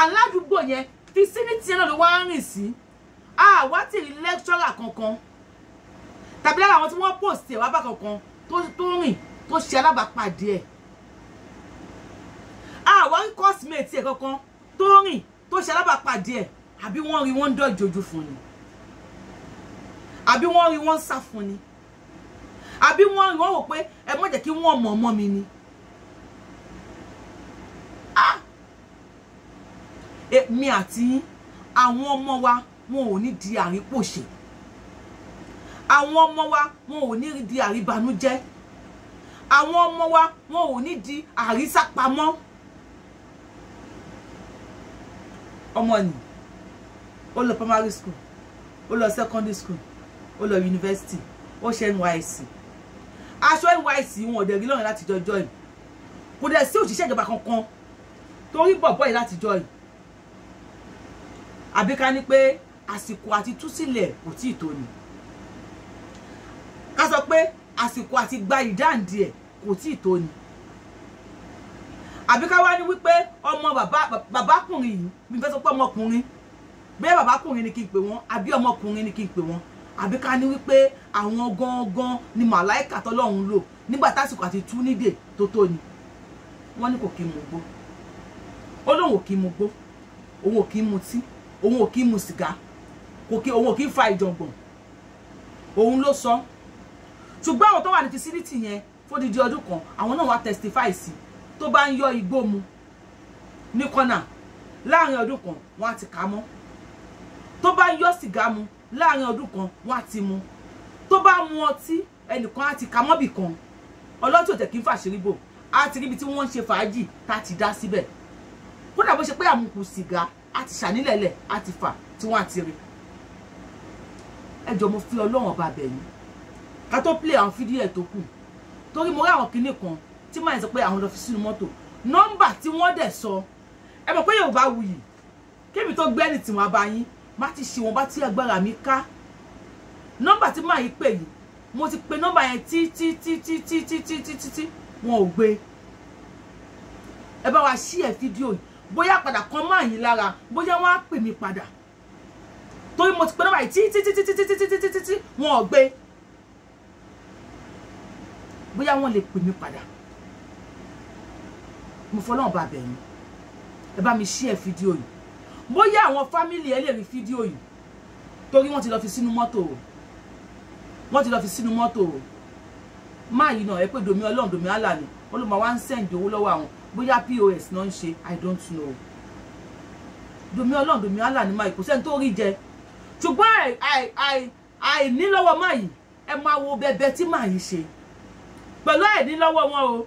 A: aládùúgbò yẹn fisiniti náà ló wá ń rìn sí àwa ti rí lecturer kankan tàbí lára àwọn tí wọ́n post ẹ̀ wá bá kankan tó rìn tó ṣe alábàápàdé ẹ̀ àwa rí cosmate ẹ̀ kankan tó rìn tó ṣe alábàápàdé ẹ̀ àbí wọ́n rí wọ́n ń dọ̀jọ́jú fún ni àbí wọ́n rí wọ́n sá fún ni àbí wọ́n wọ́n wò pé ẹ mọ̀ jẹ́ kí wọ́n mọ̀ ọmọ mi ni. èmi e, àti àwọn ọmọ wa wọn ò ní di àrípòṣe àwọn ọmọ wa wọn ò ní di àríbanújẹ́ àwọn ọmọ wa wọn ò ní di àrísápamọ́ ọmọ ni ó lọ primary school ó lọ secondary school ó lọ university ó ṣe NYSC aṣọ NYSC wọn ọ̀dẹ̀rí lọ́rùn láti jọjọ́ yìí kò dẹ̀ sí òṣìṣẹ́ ìjọba kankan torí bọ̀bọ̀ yìí láti jọ yìí àbí ká ní pé àsìkò àti túsílẹ̀ kò tí ì tó ni ká sọ pé àsìkò àti gba ìdáǹdì ẹ̀ kò tí ì tó ni àbí ká wá ní wípé ọmọ bàbákùnrin yìí mi fẹ́ sọ pé ọmọkùnrin bẹ́ẹ̀ bàbákùnrin ni kí n pè wọ́n àbí ọmọkùnrin ni kí n pè wọ́n àbí ká ní wípé àwọn gangan ni màláìkà tọ́lọ́run lò nígbà tásìkò àti tú nídè tó tó ni wọ́n ní kò kí mu gbó ó lóun ò kí mu gbó òun ò kí mu tí òun ò kí mu sìgá kò kí òun ò kí fa ìjọ̀ngbọ̀n òun ló sọ ṣùgbọ́n àwọn tó wà ní fisílítì yẹn fódìdí ọdún kan àwọn náà wá testify sí tó bá ń yọ igbó mu ní kọ́nà láàrin ọdún kan wọ́n á ti kà á mọ́ tó bá ń yọ sìgá mu láàrin ọdún kan wọ́n á ti mu tó bá mu ọtí ẹnìkan á ti ka mọ́bì kan ọlọ́tí òtẹ̀ kí n fàṣírí bò á ti ríbi tí wọ́n ń ṣe fàájì tá a ti dá síbẹ̀ kódà bó ṣe pé àmukù sìgá á ti ṣànílẹ̀lẹ̀ á ti fà tí wọ́n á ti rí ẹ jọ̀ọ́ mo fi ọlọ́run ọba bẹ̀ yín ká tó play àwọn fídíò ẹ̀ tó kù torí mo rí àwọn kinní kan tí màá sọ pé àwọn lọ fi sínú mọ́tò nọ́mbà tí wọ́n dẹ̀ sọ ẹ mọ̀ pé Yorùbá wuyì kébì tó gbẹ́ni tí wọ́n má ti ṣe wọn bá tí agbára mi ká nọ́mbà tí màá yí pè yìí mo ti pe nọ́mbà yẹn tí tí tí tí tí tí tí tí tí tí wọn ò gbé ẹ bá wa ṣí ẹ fídíò yìí bóyá padà kan máa yín lára bóyá wọn á pè mí padà torí mo ti pe nọ́mbà yìí tí tí tí tí tí tí tí tí tí tí wọn ò gbé bóyá wọn lè pè mí padà mo fọlọ́run bá bẹ̀ yín ẹ bá mi ṣí ẹ fídíò yìí bóyá àwọn fámìlì ẹ lè rí fídíò yìí torí wọ́n ti lọ fi sínú mọ́tò o wọ́n ti lọ fi sínú mọ́tò o máa yìí náà ẹ pé domi ọlọ́run domi àlà ni wọ́n ló máa wá ń sẹ́ǹdì owó lọ́wọ́ àwọn bóyá pos náà ń ṣe i don't know domi ọlọ́run domi àlà ni máa kò sẹ́ni tó rí jẹ ṣùgbọ́n àìnílọ́wọ́ máa yìí ẹ máa wo bẹ̀bẹ̀ tí máa yìí ṣe pẹ̀lú àìnílọ́wọ́ wọn o.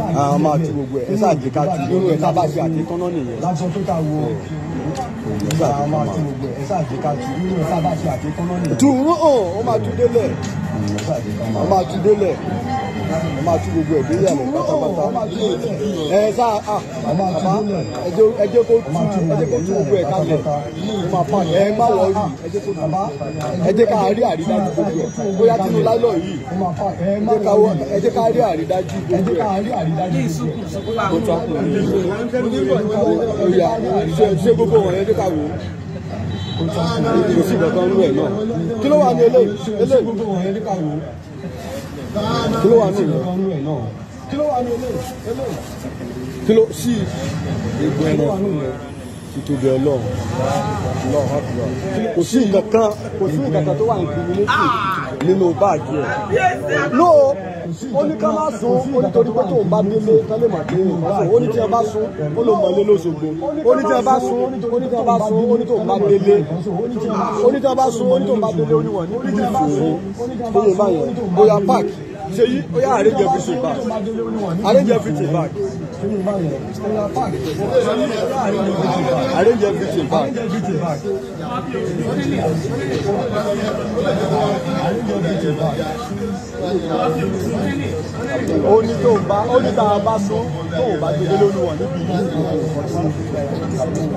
B: àwọn máa tu gbogbo ẹ̀ ẹ ṣáà jẹ́ ká tu gbogbo ẹ̀ tá a bá ṣe àtẹ́tán náà nìyẹn nígbà tó máa ti gbogbo ẹ̀ ṣáàjì ká tu nínú ẹ̀ sábà ṣe àfikún lónìí. tu ń hàn ó máa tu délẹ̀ ó máa tu délẹ̀ ó máa tu gbogbo ẹ̀ délẹ̀ rẹ̀ pátápátá ẹ̀ sá à àmà ẹjẹ́ kó tu ẹjẹ́ kó tu gbogbo ẹ̀ kalẹ̀ ó máa pa ẹ̀ má wọ yìí ẹjẹ́ kó tu ẹjẹ́ ká rí àrídájú gbogbo ẹ̀ bóyá tinú lálọ́ yìí ẹjẹ́ ká rí àrídájú gbogbo ẹ̀ ó ya ṣe gbogbo wọn ẹjẹ́ ká wò kò sí ìgbàgbọ́ nínú ẹ̀ náà kò sí nǹkan kò sí nǹkan tó wà ní kìrìmìlẹ́tì nínú báàgì ẹ̀ no ó ní ká má sún ó ní torí pé tóun bá délé tán lè mà dé ìmọ̀sán ó ní tí ẹ bá sún ó ló mọ̀lé lóṣogbo ó ní tí ẹ bá sún ó ní tí ẹ bá sún ó ní tóun bá délé ó ní tí ẹ bá sún ó ní tóun bá délé ó ní wọ̀n ní kí n sùn ó ní báyẹn bóyá páàkì ṣe yí ó yá arrange everything back arrange everything back arrange everything back. ó ní tó ń bá ó ní tá a bá sún tó ò bá délé lóníwọ̀n níbi yìí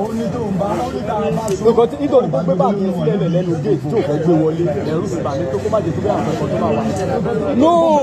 B: ó ní tó ń bá ó ní tá a bá sún. nǹkan tí nítorí pé bàbá yẹn sílẹ̀ lẹ́nu gate tí ò fẹ́ gbé wọlé ẹ̀rù sì bà mí tó kó má jẹ́ tó bí àpẹẹrẹ tó máa wà.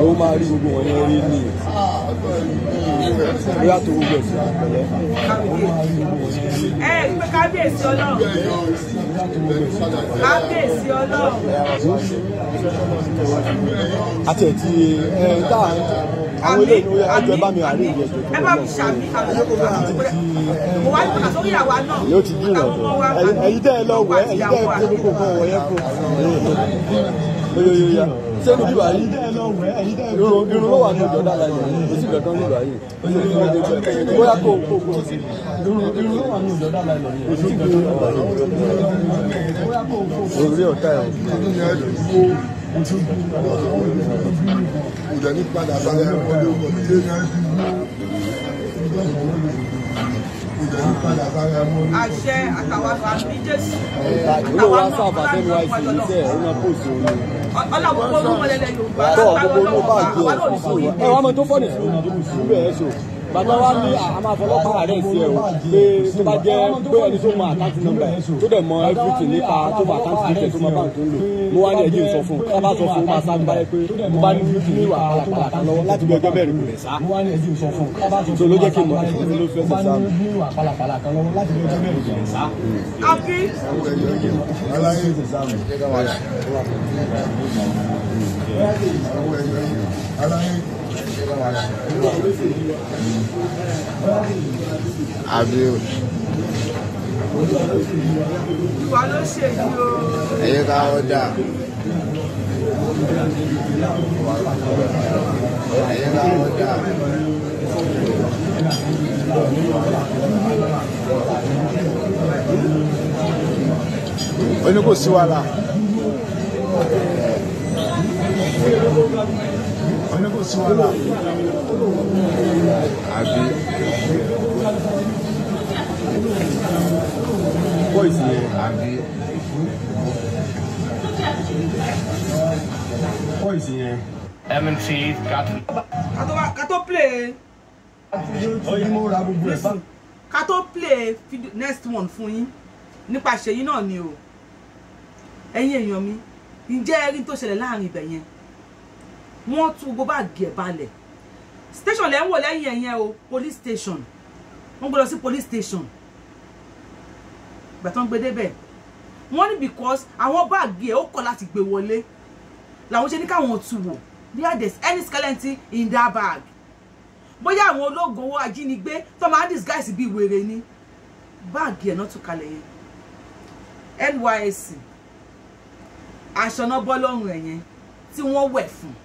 B: ó máa rí gbogbo wọn ní orí ní
A: bóyá tó gbogbo ẹ̀sìn
C: àpẹẹrẹ
A: ẹ pé kábíyèsí ọlọ́run
C: kábíyèsí ọlọ́run àti ẹ̀tí ẹ̀ ń tà
B: àwọn ilé ìlú ẹjọ́ bá mi wà ní ìlú ẹjọ́ tó lọ yóò ti dín ìrọ̀lọ́ ẹ̀yin tẹ́ ẹ lọ wẹ̀ ẹ̀yin tẹ́ ẹ kó
A: gbogbo nǹkan wọ̀nyẹn
B: kó ṣé mo bí wà yìí irun ló wà ní ọjọ́ dára yẹn kò sí ìgbà kan ní ìgbà yìí bóyá kò kò kò irun ló wà ní ọjọ́ dára yẹn kò sí ìgbà kan ní ìgbà yìí orí ọ̀tá ẹ̀ kò dẹ̀ ní padà sálẹ̀ ọdún ọdún tí ó ní
A: àṣẹ àtàwọn àmì jésù àtàwọn náà
B: máa ń lọ fọlọ́lọ́
A: ọlọ́wọ́ gbogbo olúmọ̀lẹ́lẹ́ yorùbá látàlọ́ ọlọ́wọ́ bá àwọn olùsọ̀yìn. ẹ wàá mọ tó fọ́
B: nìyẹn bàtà wa ní àmà fọlọ́pàá rẹ̀ sí ẹ̀ o pé tó bá jẹ́ pé ẹni tó mọ àkáǹtì nọ́mbà ẹ̀ tó dẹ̀ mọ everything nípa tó mọ àkáǹtì detail tó mọ báńkì tó ń lò mo wá ní ẹ̀jẹ̀ sọ fún un tábà sọ fún un máa sáré báyẹ̀ pé mo bá ní fífi ní ìwà pàlàpàlà lọ́wọ́ láti bí ọjọ́ bẹ́ẹ̀ rí rẹ̀ sá tó ló jẹ́ kí n mọ̀ ẹ̀ ló fẹ́ sọ
C: sáà àbí o. ìwà
B: ló ṣèjú o.
C: ẹ̀yẹ́ ká ọ́ dà. ẹ̀yẹ́ ká ọ́ dà. ó ní kò sí wàhálà àbí
B: voice yẹn àbí voice yẹn. mc kàtó.
A: kàtó wa kàtó play. oyin mo ra gbogbo play next one fún yín nípa ṣèyí náà ni o ẹ̀yin èèyàn mi ǹjẹ́ ẹ rí tó ṣẹlẹ̀ láàrin ibẹ̀ yẹn wọ́n tú gbogbo báàgì ẹ̀ balẹ̀ station lẹ́ ń wò lẹ́yìn ẹ̀yẹn o police station wọ́n gbé lọ sí police station ìgbà tó ń gbé débẹ̀ ní because àwọn báàgì ẹ̀ ó kọ̀ láti gbé wọlé làwọn ṣe ní káwọn tú wò there is any skeleton in that bag bóyá àwọn ológun owó ajínigbé tó máa ń disguise bíi wèrè ni báàgì ẹ̀ náà tún kalẹ̀ yẹn NYSC aṣọ náà bọ́ lọ́rùn ẹ̀ yẹn tí wọ́n wẹ̀ fún un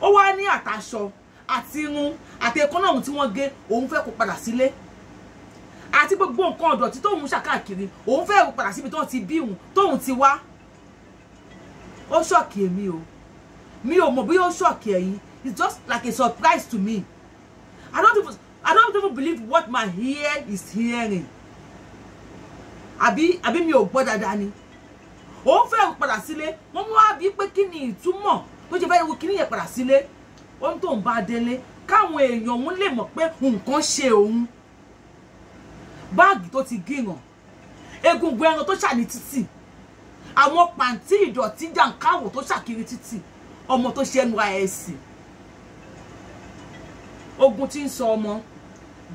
A: ó wá ní àtàṣọ àti irun àti èékánná ọ̀hún tí wọ́n gé òun fẹ́ kó padà sílé àti gbogbo nǹkan ọ̀dọ̀tí tóun ṣàkàkiri òun fẹ́ kó padà síbi tóun ti bí òun tóun ti wá ó ṣọ̀kì èmi o mi ò mọ̀ bí ó ṣọ̀kì ẹ̀yin it's just like a surprise to me i don't even i don't even believe what my ear is hearing àbí àbí mi ò gbọ́ dáadáa ni òun fẹ́ padà sílé wọ́n mú wá bí pé kí ni ìtumọ̀ tó ṣe fẹ́ wo kíní yẹn padà sílé ó ń tó ń bá a délé káwọn èèyàn òun lè mọ̀ pé nǹkan ṣe òun báàgì tó ti gíran egungun ẹran tó ṣà ní títì àwọn pàǹtí ìdọ̀tí jàǹkáwò tó ṣàkiri títì ọmọ tó ṣe nysc ogun tí ń sọ ọmọ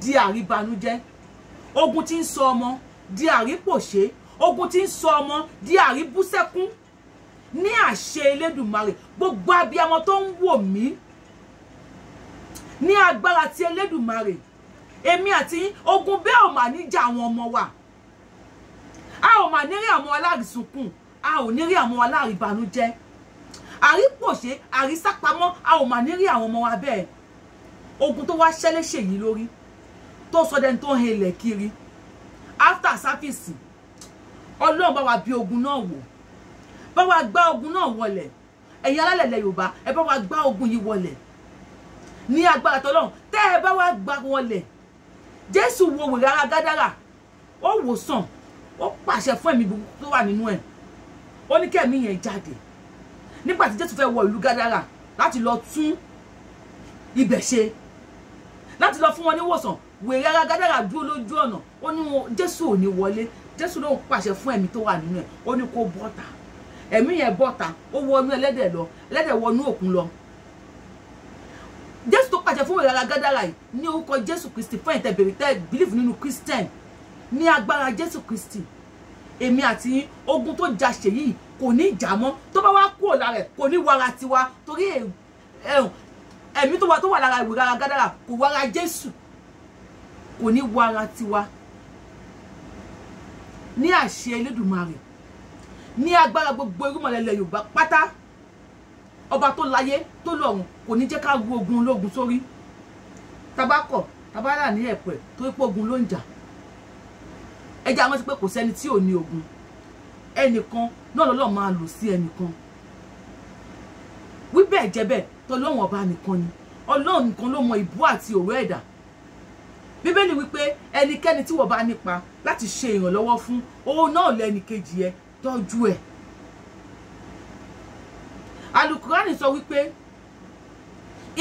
A: di àríbanújẹ́ ogun tí ń sọ ọmọ di àrípòṣé ogun tí ń sọ ọmọ di àríbúsẹ́kún ní àṣẹ elédùmarè gbogbo abiyamọ tó ń wò mí ní agbára ti elédùmarè èmi àti ogun bẹ́ẹ̀ ò mà ní jà àwọn ọmọ wa a ò mà ní rí àwọn alárìsùnkùn a ò ní rí àwọn alárìbànújẹ́ àrípòṣe àrísápamọ́ a ò mà ní rí àwọn ọmọ wa bẹ́ẹ̀ ogun tó wá ṣẹlẹ́ṣẹ̀ yìí lórí tó sọdẹ́ni tó ń helẹ̀ kiri after service ọlọ́run bá wa bí ogun náà wò bá wa gbá ogun náà wọlẹ̀ ẹ̀yin alálẹ̀lẹ̀ yorùbá ẹ bá wa gbá ogun yìí wọlẹ̀ ní agbára tọ́lọ́run tẹ́ ẹ bá wa gbá wọlẹ̀ jésù wo wèrè ara gádára ó wò sàn ó pàṣẹ fún ẹ̀mí burúkú tó wà nínú ẹ̀ ó ní kẹ́mi yẹn jáde nígbà tí jésù fẹ́ wọ ìlú gádára láti lọ tún ibẹ̀ ṣe láti lọ fún wọn níwòsàn wèrè ara gádára dúró lójú ọ̀nà ó ní jésù ò ní wọlé jésù ló ń pàṣẹ fún ẹ̀mí tó wà nínú ẹ̀ ó ní kó bọ́ta ẹ̀mí yẹn bọ́ta ó wọnú ẹlẹ́dẹ̀ lọ ẹlẹ́dẹ̀ wọnú òkun lọ jésù tó pàṣẹ fún ìlànà gádàrà yìí ní orúkọ jésù kristi fún ìtẹ̀bẹ̀rẹ̀ tẹ́ bílíf nínú christian ní agbára jésù kristi èmi àti yín ogun tó jà ṣèyí kò ní ìjà mọ́ tó bá wá kúrò lára ẹ̀ kò ní wàrà tiwa torí ẹ̀mí tó wà tó wà lára ìwé rárá gádàrà kò wàrà jésù kò ní wàrà tiwa ní àṣẹ elédùmarè ní agbára gbogbo irúmọlẹ̀ ilẹ̀ yorùbá pátá ọba tó láyé tó lọ́run kò ní jẹ́ ká ru ogun ológun sórí tabakọ tabara ní ẹ̀pẹ̀ tó pé ogun ló ń jà ẹja wọn ti pé kò sẹ́ni tí ò ní ogun ẹnìkan náà lọ́lọ́ máa lò sí ẹnìkan wí bẹ́ẹ̀ jẹ́ bẹ́ẹ̀ tọ́lọ́run ọba nìkan ni ọlọ́run nìkan ló mọ ìbú àti òró ẹ̀dá bíbélì wípé ẹnikẹ́ni tí wọ́n bá nípa láti ṣe ìrànlọ́wọ́ fún òun náà lẹ́nìkejì ẹ tọ́jú ẹ̀ alukurani sọ wípé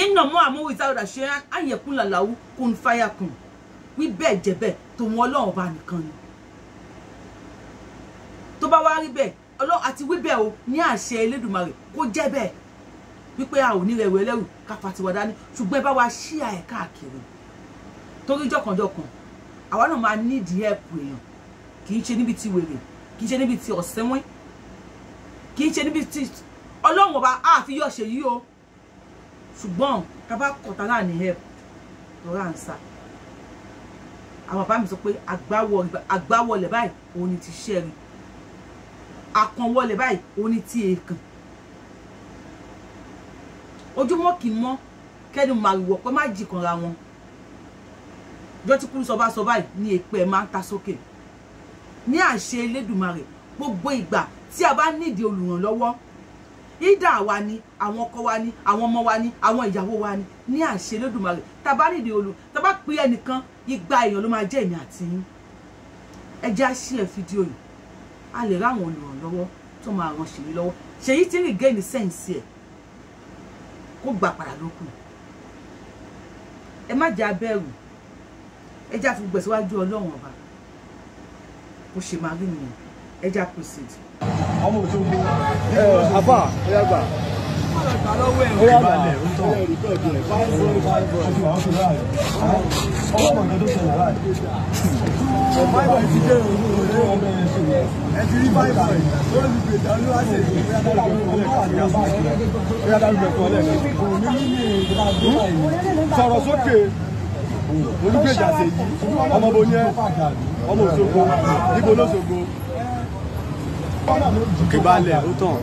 A: iná mọ́ àmú ìzáwọ̀dà ṣe àyẹ̀kún làlàó kún fáyà kùn wí bẹ́ẹ̀ jẹ́ bẹ́ẹ̀ tòun ọlọ́run ọba nìkan ni tó bá wá rí bẹ́ẹ̀ ọlọ́run àti wí bẹ́ẹ̀ o ní àṣẹ elédùnmarè kó jẹ́ bẹ́ẹ̀ wípé a ò ní rẹ̀ wẹ̀ lẹ́rù káfa tiwa dání ṣùgbọ́n ẹ bá wa ṣíà ẹ̀ káàkiri torí jọ̀kànjọ̀kàn àwa náà máa nídìí ẹ̀pù èèyàn kì í ṣe níbi tí wèrè kì í ṣe níbi ti ọ̀sẹ̀ wọ́n kì í ṣe níbi ti ọlọ́run ọba àfi yọ̀ ṣe yìí o ṣùgbọ́n ká bá kọ̀tà náà ní help lọ́rọ̀ àǹsà àwọn bàbá mi sọ pé àgbáwọlẹ̀ báyìí òun ni ti ṣẹ́rin àkànwọlẹ̀ báyìí òun ni ti èèkàn ojúmọ́ kì í mọ́ kẹ́ni màrìwọ̀ pé má jìkànra wọn jọ́tíkúrú sọ bá sọ báyìí ní èpè máa ń ta sókè. So ní àṣẹ Elédùmarè gbogbo ìgbà tí a bá nídìí olùrànlọ́wọ́ ìdá wa ni àwọn ọkọ wa ni àwọn ọmọ wa ni àwọn ìyàwó wa ni ní àṣẹ Elédùmarè tá a bá nídìí olù tá a bá pe ẹnìkan igba èèyàn ló máa jẹ́ èmi àti yín ẹ jẹ́ á ṣí ẹ fídíò yìí a lè ráwọn olùrànlọ́wọ́ tó máa ran ṣèyí lọ́wọ́ ṣèyí tí rìn gẹ́ni sẹ́ǹsì ẹ̀ kó gbà padà lókù ẹ má jẹ́ abẹ́rù ẹ jẹ́ àfi gbẹ̀síwájú ọlọ́run ọba bó ṣe máa rí nìyẹn ẹja proceed. ọmọ òṣogbo ẹ àbá ẹ yàgbà
B: sọ̀rọ̀ sókè olùgbèjà ṣe yí ọmọ bo yẹn ọmọ òṣogbo níbo lóṣogbo òkè balẹ̀ ó tàn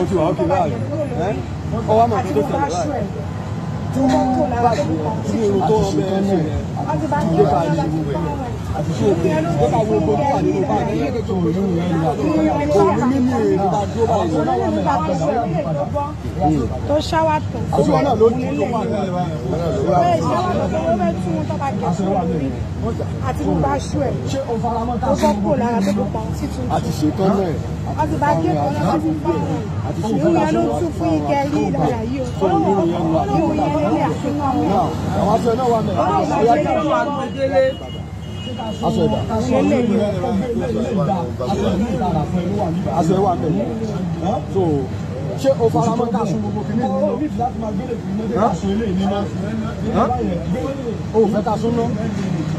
B: ó ti wà ókè báyìí ọ wá mọ̀ kí tó tẹ̀lé báyìí báyìí ní irun tó ọbẹ̀ ẹ̀ ṣe yẹn tó bá yẹ gbogbo àṣìṣe
A: tó ṣáwá tó. aṣọ náà ló ní ìlú wọn. bẹ́ẹ̀ ṣáwá lọ sí ó fẹ́ tún un tọ́ba gẹ̀ẹ́sì lórí àti gbogbo aṣọ ẹ̀ ó fọ́ kó lára tó kó sí tuntun. àti ṣètọ́ náà
B: wọ́n ti bá gé kan lọ́wọ́ sí fún ìlú yẹn ló tún fún ike rí ìlọ́yà yìí o ìlú yẹn lé àfihàn mi. ọlọ́run
C: aṣọ ìdá aṣọ ìdá
B: aṣọ ìwà bẹ́ẹ̀ so ṣé o fara mọ́ káṣù gbogbo kìíní ìlú náà náà káṣù ilé ìní náà o fẹ́ káṣù náà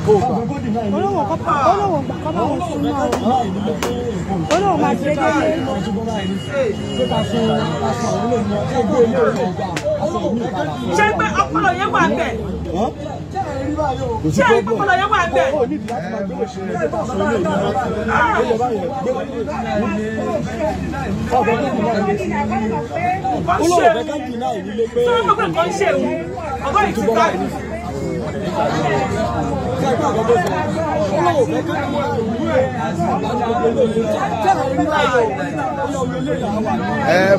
B: o fà olówó kọ́pà olówó gbà kọ́pà wọn náà olówó máa ṣe déédéé ṣé káṣù káṣù àwọn ìlú ìbára. ṣé pé ọpọlọ yẹn wà bẹ́ẹ̀
A: ṣé ìpínpínlẹ̀ yẹn wà
B: ń bẹ̀ ẹ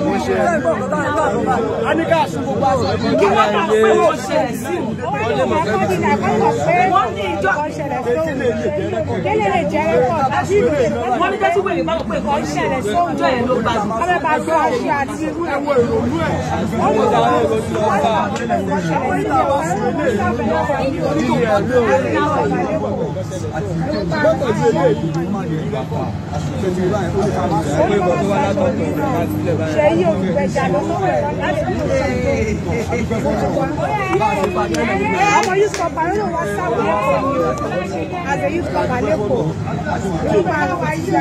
B: mo ṣe. wọ́n bá pé mo ṣẹlẹ̀
A: sí wọ́n ní ìjọ kele le jẹ rẹpọ láti ìlú wọn ní máa ń pè kọ ṣẹlẹ̀ sí ọjọ́ ló gbàgbọ́. wọn bẹ bá gbọ́ aṣọ
B: àti irú ẹwọ ìrònú ẹ. wọn ní ìjọ wọn ní ìjọ wọn ní ìjọ wọn ìlú má lè gbà pa ṣe ti báyìí ó lè ká lè rẹ̀. ó lè bọ̀ tó wá látọ̀ tó lè bá sílẹ̀ báyìí. ṣe yóò gbẹ jà lọ́sọ̀rọ̀ ẹ̀ láti fi ṣe é.
A: àwọn youth cup àlọ́ wa
C: sáwọ́ lẹ́kọ̀ọ́
B: ni o àjọ youth cup àlẹ́kọ̀ọ́. ó máa wáyé.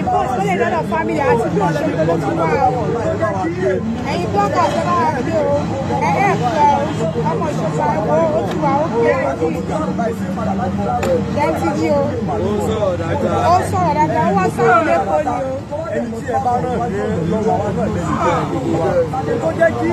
A: ìpọ́sí lè lọ́dọ̀ fámìlì àti
B: bí òṣèlú ló ti wá o ẹ̀yin blọ́gà tó bá wà o ẹ̀yẹ́ ẹ̀kọ́ ọmọ ìṣòfò àgbo ó ti wà ó kí àìdí o o ẹni tí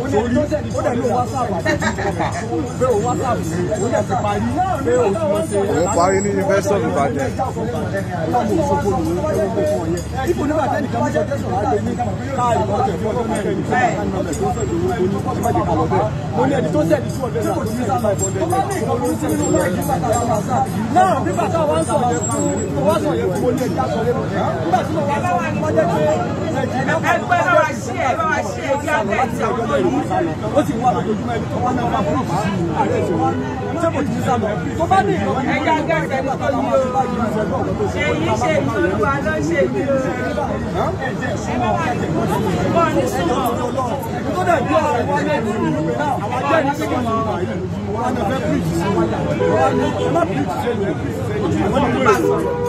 B: sórí o parí pé o ti Ìbàdàn. ọlọ́mọ náà wá sí ẹ̀ bá wà sí ẹ̀ bí a bẹ̀ tẹ̀ ọ́ ń ó sì wà lójoojúmọ́ ẹbí tó wá náà máa bọ́lọ̀ máa ààrẹ ẹ̀sìn wọn ṣé kò ti ń sá lọ tó bá ní ìrọ̀lẹ́ ẹ̀yà gẹ́gẹ́ bí ọ̀tọ̀ yìí o ẹ̀yìn ṣe ìjọba ló ṣe ìdí o ẹ̀ bá wà
C: ní
A: bọ́ọ̀ ní súnmọ́
B: tó dẹ̀ bí ọ̀rọ̀ wọn ní ẹ̀dùn nínú náà àwọn ajẹ́ ní sí wọn yà wọn á lọ sí ẹ̀yìn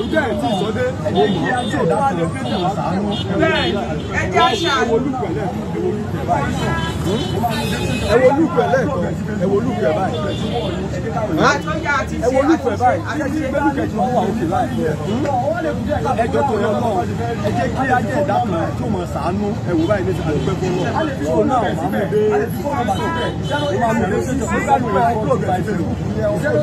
B: ojú ẹ̀ tí ìsọdé ọmọ tí ò dá sí ọ bẹ́ẹ̀ ẹ jẹ́ àṣà ìwọlùpẹ̀lẹ̀ ìwọlùpẹ̀lẹ̀ báyìí ẹ wo lùkù ẹ lẹ́ẹ̀kan ẹ wo lùkù ẹ báyìí ẹ wo lùkù ẹ báyìí àtẹ̀sí pé lùkù ẹ ti wọ́n wà òkè láìpẹ́ ẹjọ́ tó yẹ lọ́wọ́ ẹ jẹ́ kí á jẹ́ ìdá kan tó mọ̀ sàánú ẹ wò báyìí lẹ́sìn àdúgbò fún wọn tó náà máa mú dé máa mú dé sísọ fún sálù rẹ fún ọgbà ìfẹ́ ìfẹ́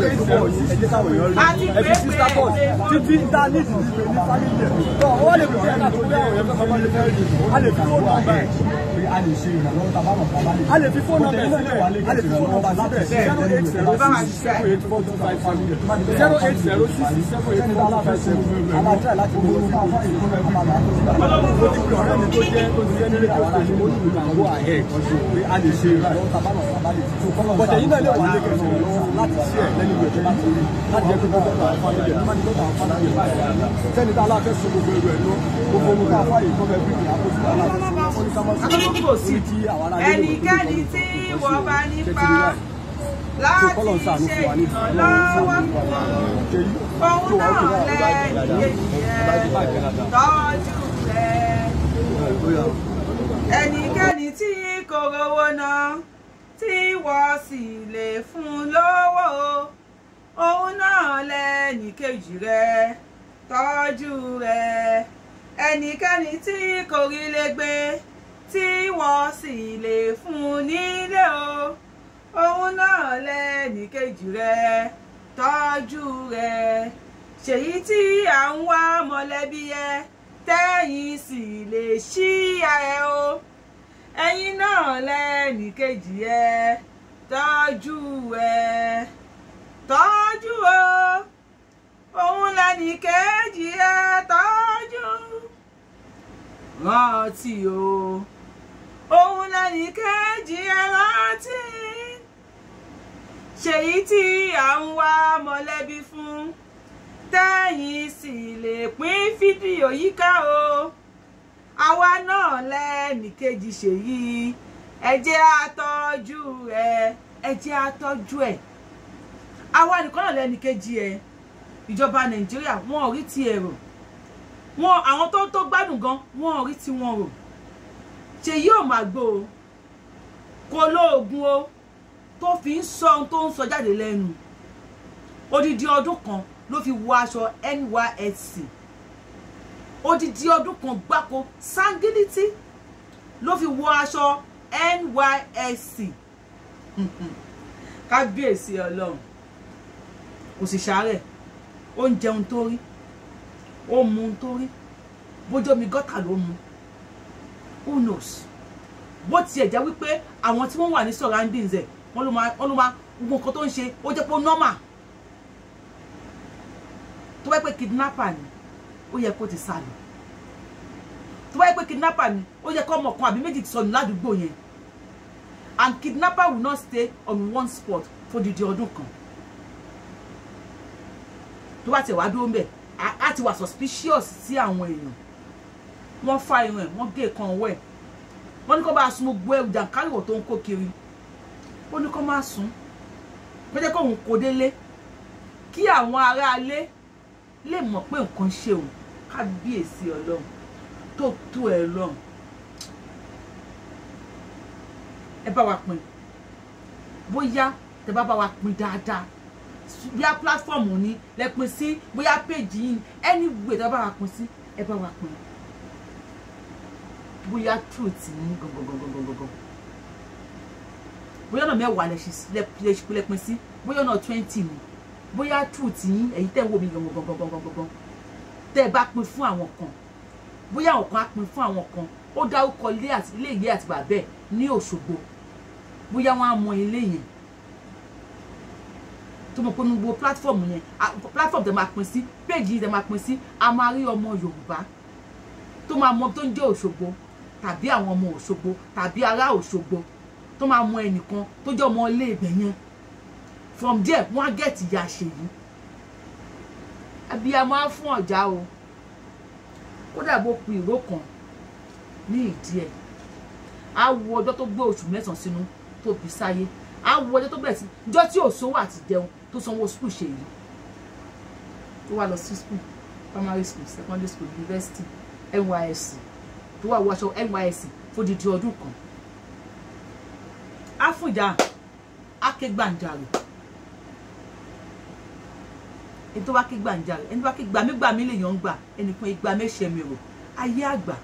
B: ìfẹ́ ẹ jẹ́ káwọn èèyàn rí ẹ fi sísá bọ̀ títí dá nídìí ní fáyé jẹ ọwọ́ lè kú ẹ̀ a lè ṣe ìrànlọ́wọ́ tá a bá mọ̀ tá a bá lè. a lè fi fóònù ọbẹ̀ sílẹ̀ a lè fi fóònù ọbẹ̀ sílẹ̀ zero eight zero six seven eight four two five five zero eight zero six seven eight four two five seven. alájà láti mú un fún àwọn ìfowópamọ́ àmàlà. mo ti pè ọ̀rẹ́ mi tó jẹ́ tó ti jẹ́ nílé tó ṣe mo ní ìlú àwọn àhẹ́ ìkọ́sí pé a lè ṣe ìrànlọ́wọ́ tá a bá mọ̀ tá a bá lè. bọ̀dẹ̀ yìí náà lè wà lẹ́kẹ̀ẹ́ láti ṣe ẹ̀ lẹ́nu ìwé láti rí láti jẹ́ pé gbọ́dọ̀ àwọn fáwọn ìjọba máa ń gbọ́dọ̀ àwọn fáwọn ìjọba ìjọba sẹ́ni tá a láfẹ́ sọ gbogbo ẹ̀rọ ẹ̀ lọ gbogbo ohun tá a fáyè kọ́ bẹ́ẹ̀ bí i àkóso proceed ẹnikẹ́ni tí wọ́n bá nípa láti ṣe ìrànlọ́wọ́ fún òun náà lẹ́ẹ̀kejì ẹ̀
A: tọ́jú rẹ̀ ẹnikẹ́ni tí kò rówó náà tí wọ́n sì lè fún lówó òun náà lẹ́ẹ̀kejì rẹ̀ tọ́jú rẹ̀ ẹnikẹ́ni tí kò rí lè gbé tí wọ́n sì lè fún nílé o òun náà lẹ́nì kejì rẹ tọ́jú rẹ ṣèyí tí à ń wá mọ̀lẹ́bí ẹ tẹ́yìn sì lè ṣí ẹ o ẹ̀yin náà lẹ́nì kejì ẹ tọ́jú ẹ tọ́jú o òun lẹ́nì kejì ẹ tọ́jú rántí o òun lẹ́nì kejì ẹ rántí ṣèyí tí à ń wá mọ̀lẹ́bí fún tẹ́yìn sì lè pín fídíò yíká o àwa náà lẹ́nì kejì ṣèyí ẹ jẹ́ àtọ́jú ẹ ẹ jẹ́ àtọ́jú ẹ àwa nìkan náà lẹ́nì kejì ẹ ìjọba nàìjíríà wọn ò rí ti ẹ̀rọ wọn àwọn tó tó gbádùn gan wọn ò rí ti wọn rò ṣèyí ò mà gbó o kò lóògùn o tó fi ń sọ ohun tó ń sọ jáde lẹ́nu odidi ọdún kan ló fi wọ aṣọ NYSC odidi ọdún kan gbáko sangiliti ló fi wọ aṣọ NYSC kábíyèsí ọlọ́run kò sì ṣàárẹ̀ ó ń jẹun tó rí ó mu tó rí bójú omi gọ́tà ló mu who knows bó tiẹ̀ jẹ́ wípé àwọn tí wọ́n wà ní surroundings ẹ̀ wọ́n ló máa wọ́n ló máa gbogbo nǹkan tó ń ṣe ó jẹ́ pé ó normal tó bá yẹ pé kidnapper ni ó yẹ kó ti sá lọ tó bá yẹ pé kidnapper ni ó yẹ kó ọmọ kan àbí méjì ti sọnù ládùúgbò yẹn and kidnapper will not stay on one spot fódìdí ọdún kan tó bá ti wá dúró ń bẹ̀ á ti wà suspicious sí àwọn èèyàn wọ́n fa irun ẹ̀ wọ́n gé kan ọwọ́ ẹ̀ wọ́n ní kó bá sun gbogbo ẹ̀rù jàǹkárìwò tó ń kó kiri ó ní kó má sun kó jẹ́ kóun kó délé kí àwọn aráalé lè mọ̀ pé nǹkan ṣe òun kábíyèsí ọlọ́run tó tó ẹ lọ́run ẹ bá wa pín bóyá tẹ bá bá wa pín dáadáa bóyá platform ní lẹ pín sí bóyá page yìí anyway tẹ bá wa pín sí ẹ bá wa pín bóyá truth ní gangan bóyá ọ̀nà mẹ́wàá lẹ pin sí bóyá ọ̀nà twenty ni bóyá truth yín èyí tẹ́ ń wò mí gangan tẹ́ ẹ bá pin fún àwọn kan bóyá àwọn kan á pin fún àwọn kan ó dárúkọ ilé ìyé àti bàbẹ́ ní Òṣogbo bóyá wọ́n á mọ ilé yẹn tó mọ̀ pé gbogbo platform yẹn platform tẹ́ máa pin sí page yìí tẹ́ máa pin sí a máa rí ọmọ Yorùbá tó máa mọ tó ń jẹ́ Òṣogbo tàbí àwọn ọmọ Òṣogbo tàbí ará Òṣogbo tó máa mọ ẹnìkan tó jẹ́ ọmọ ilé ibẹ̀ yẹn from there wọ́n á gẹ̀ẹ́tì ya ṣèyí a á fún ọ̀já o kódà bó pu ìró kan ní ìdí ẹ̀ á wo ọjọ́ tó gbé oṣù mẹ́sàn-án sínú tó bí sáyé á wo ọjọ́ tó bẹ̀rẹ̀ sí jọ́ tí òṣòwò àti jẹun tó sanwó skul ṣe yìí tó wá lọ sí skul primary school secondary school university NYSC tó wà wọṣọ NYSC fódìdí ọdún kan Afúnjá akégbàǹjarò ẹni tó bá ké gbàǹjarò ẹni tó bá ké gbàmígbàmí lèèyàn ń gbà ẹnìkan ìgbà méṣẹmi rò ayé àgbà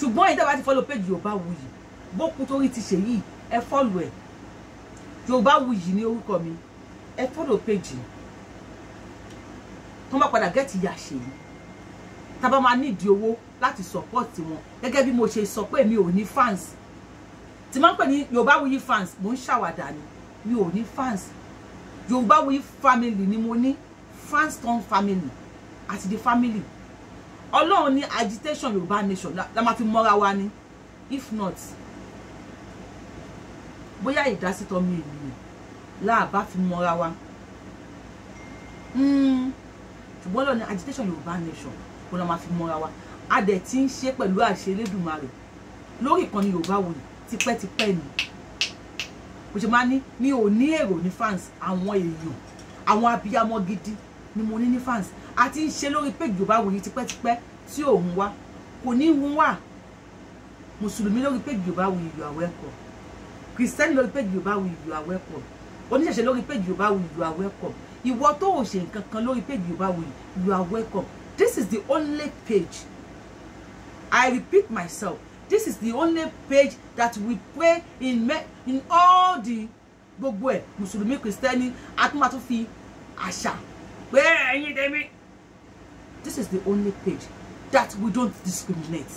A: ṣùgbọ́n ẹ̀yin dábàá ti fọ́lọ̀ péjì yorùbá wuyì bókun torí ti ṣe yìí ẹ fọ́lù ẹ̀ yorùbá wuyì ní orúkọ mi ẹ fọ́lọ̀ péjì tó má padà gẹ́tì yà ṣèyí tá bá máa nídìí owó láti support wọn gẹ́gẹ́ bí mo ṣe sọ pé mi ò ni fans tí máa ń ni ní Yorùbáwùyí fans mò ń ni mi ò ní fans Yorùbáwùyí family ni mo ni fans turn family àti the family ọlọ́run ní agitation Yorùbá nation la máa fi mọ́ra wa ni if not boya idasi to mi ni. La ba fi mora wa hmm, ṣùgbọ́n lọ́ọ̀ ní agitation Yorùbá nation òun la máa fi mọ́ra wa a dẹ̀ ti ń ṣe pẹ̀lú àṣẹ Elédùmarè lórí ìkànnì Yorùbá Wòyí tipẹ́tipẹ́ ni mo ṣe máa ní mi ò ní èrò ní fans àwọn èèyàn àwọn abiyamọ gidi ni mo ní ní fans a ti ń ṣe lórí péjì Yorùbá Wòyí tipẹ́tipẹ́ tí òun wá kò ní hun wà mùsùlùmí lórí péjì Yorùbá Wòyí you are welcome kìrìsìtẹ́nì lórí péjì Yorùbá Wòyí you are welcome oníṣẹ̀ṣẹ̀ lórí péjì Yorùbá Wòyí you are welcome ìwọ tó ò ṣe nǹkan kan lórí péjì Yorùbá Wòyí you are welcome This is the only page, I repeat myself, this is the only page that we pray in, in all the gbogbo ẹ̀ mùsùlùmí kìrìsìtẹ́nì atúmọ̀tún fi àṣà pé ẹ̀yin tèmi. This is the only page that we don't discriminate.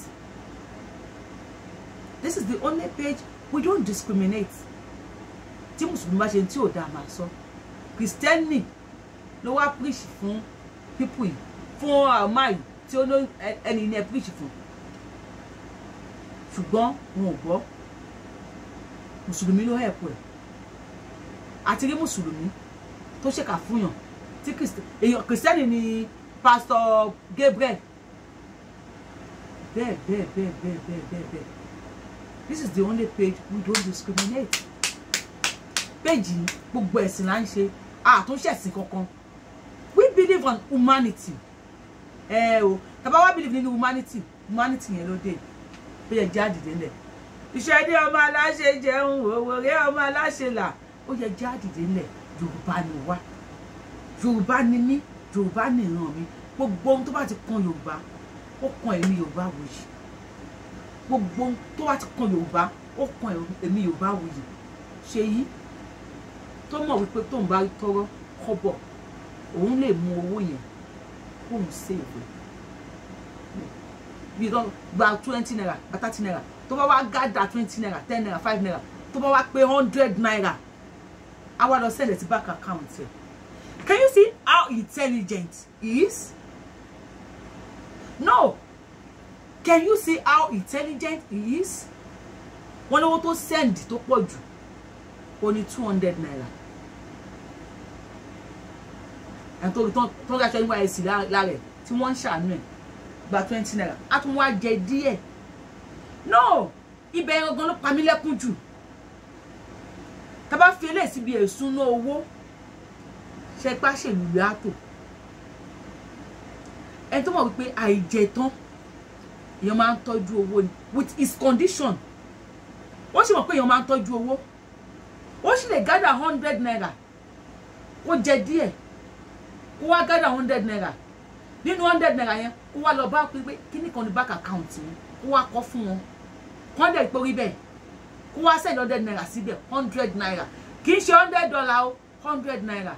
A: This is the only page we don't discriminate. Tí mùsùlùmí bá ṣe tí ò dáa máa sọ. Kìrìsìtẹ́nì ló wá píríṣì fún pípù yìí fún àmà tí ó ló ẹni ní ẹ preach fún ṣùgbọ́n wọn ò gbọ́ mùsùlùmí ló hẹ̀ pọ̀ ẹ̀ àti rí mùsùlùmí tó ṣèkà fúnyàn tí kìrìsìtẹ́nì ni pásítọ̀ Gabriel bẹ́ẹ̀ bẹ́ẹ̀ bẹ́ẹ̀ bẹ́ẹ̀ bẹ́ẹ̀ bẹ́ẹ̀ bẹ́ẹ̀ this is the only page we don't discriminate péjì gbogbo ẹ̀sìn là ń ṣe àtúnṣẹ̀sìn kankan we believe on humanity ẹ o tàbá wá believe nínú humanity humanity yẹn ló dé ó yẹ jẹ́ àdìdé ńlẹ̀ ìṣẹ́dé ọmọ aláṣẹ jẹun òwòrè ọmọ aláṣẹ là ó yẹ jẹ́ àdìdé ńlẹ̀ yorùbá ni wá yorùbá ni mí yorùbá ni ìran mi gbogbo ohun tó bá ti kan yorùbá ó kan èmi yorùbá wòye gbogbo ohun tó bá ti kan yorùbá ó kan èmi yorùbá wòye ṣèyí tó mọ̀ wípé tóun bá tọrọ kọ́bọ̀ òun lè mú owó yẹn kó òun save bí don't buy twenty naira gba thirty naira tó bá wá gádà twenty naira ten naira five naira tó bá wá pé hundred naira I wá lọ send it back. account rẹ̀ can you see how intelligent he is no can you see how intelligent he is wọ́n lówó tó send to pọ̀ Only ó two hundred naira ẹni tó tó ń dáṣọ nysc lára ẹ̀ tí wọ́n ń ṣàánú ẹ̀ gba twenty naira a tún wá jẹ díẹ̀ no ibẹ̀ gangan ló pa mí lẹ́kún jù tá bá fi eléyìí síbi ẹ̀sùn náà owó ṣe pá ṣèlú yàtọ̀ ẹni tó mọ̀ wípé àìjẹ̀tán èèyàn máa ń tọ́jú owó ni with his condition ó sì mọ̀ pé èèyàn máa ń tọ́jú owó ó sì lè gather hundred naira ó jẹ díẹ̀ kó wá gádà hundred naira nínú hundred naira yẹn kó wá lọ bá pé kíní kan ní bank account mi kó wá kọ́ fún wọn kọ́ ìpórí bẹ́ẹ̀ kó wá send hundred naira síbẹ̀ hundred naira kì í ṣe hundred dollar o hundred naira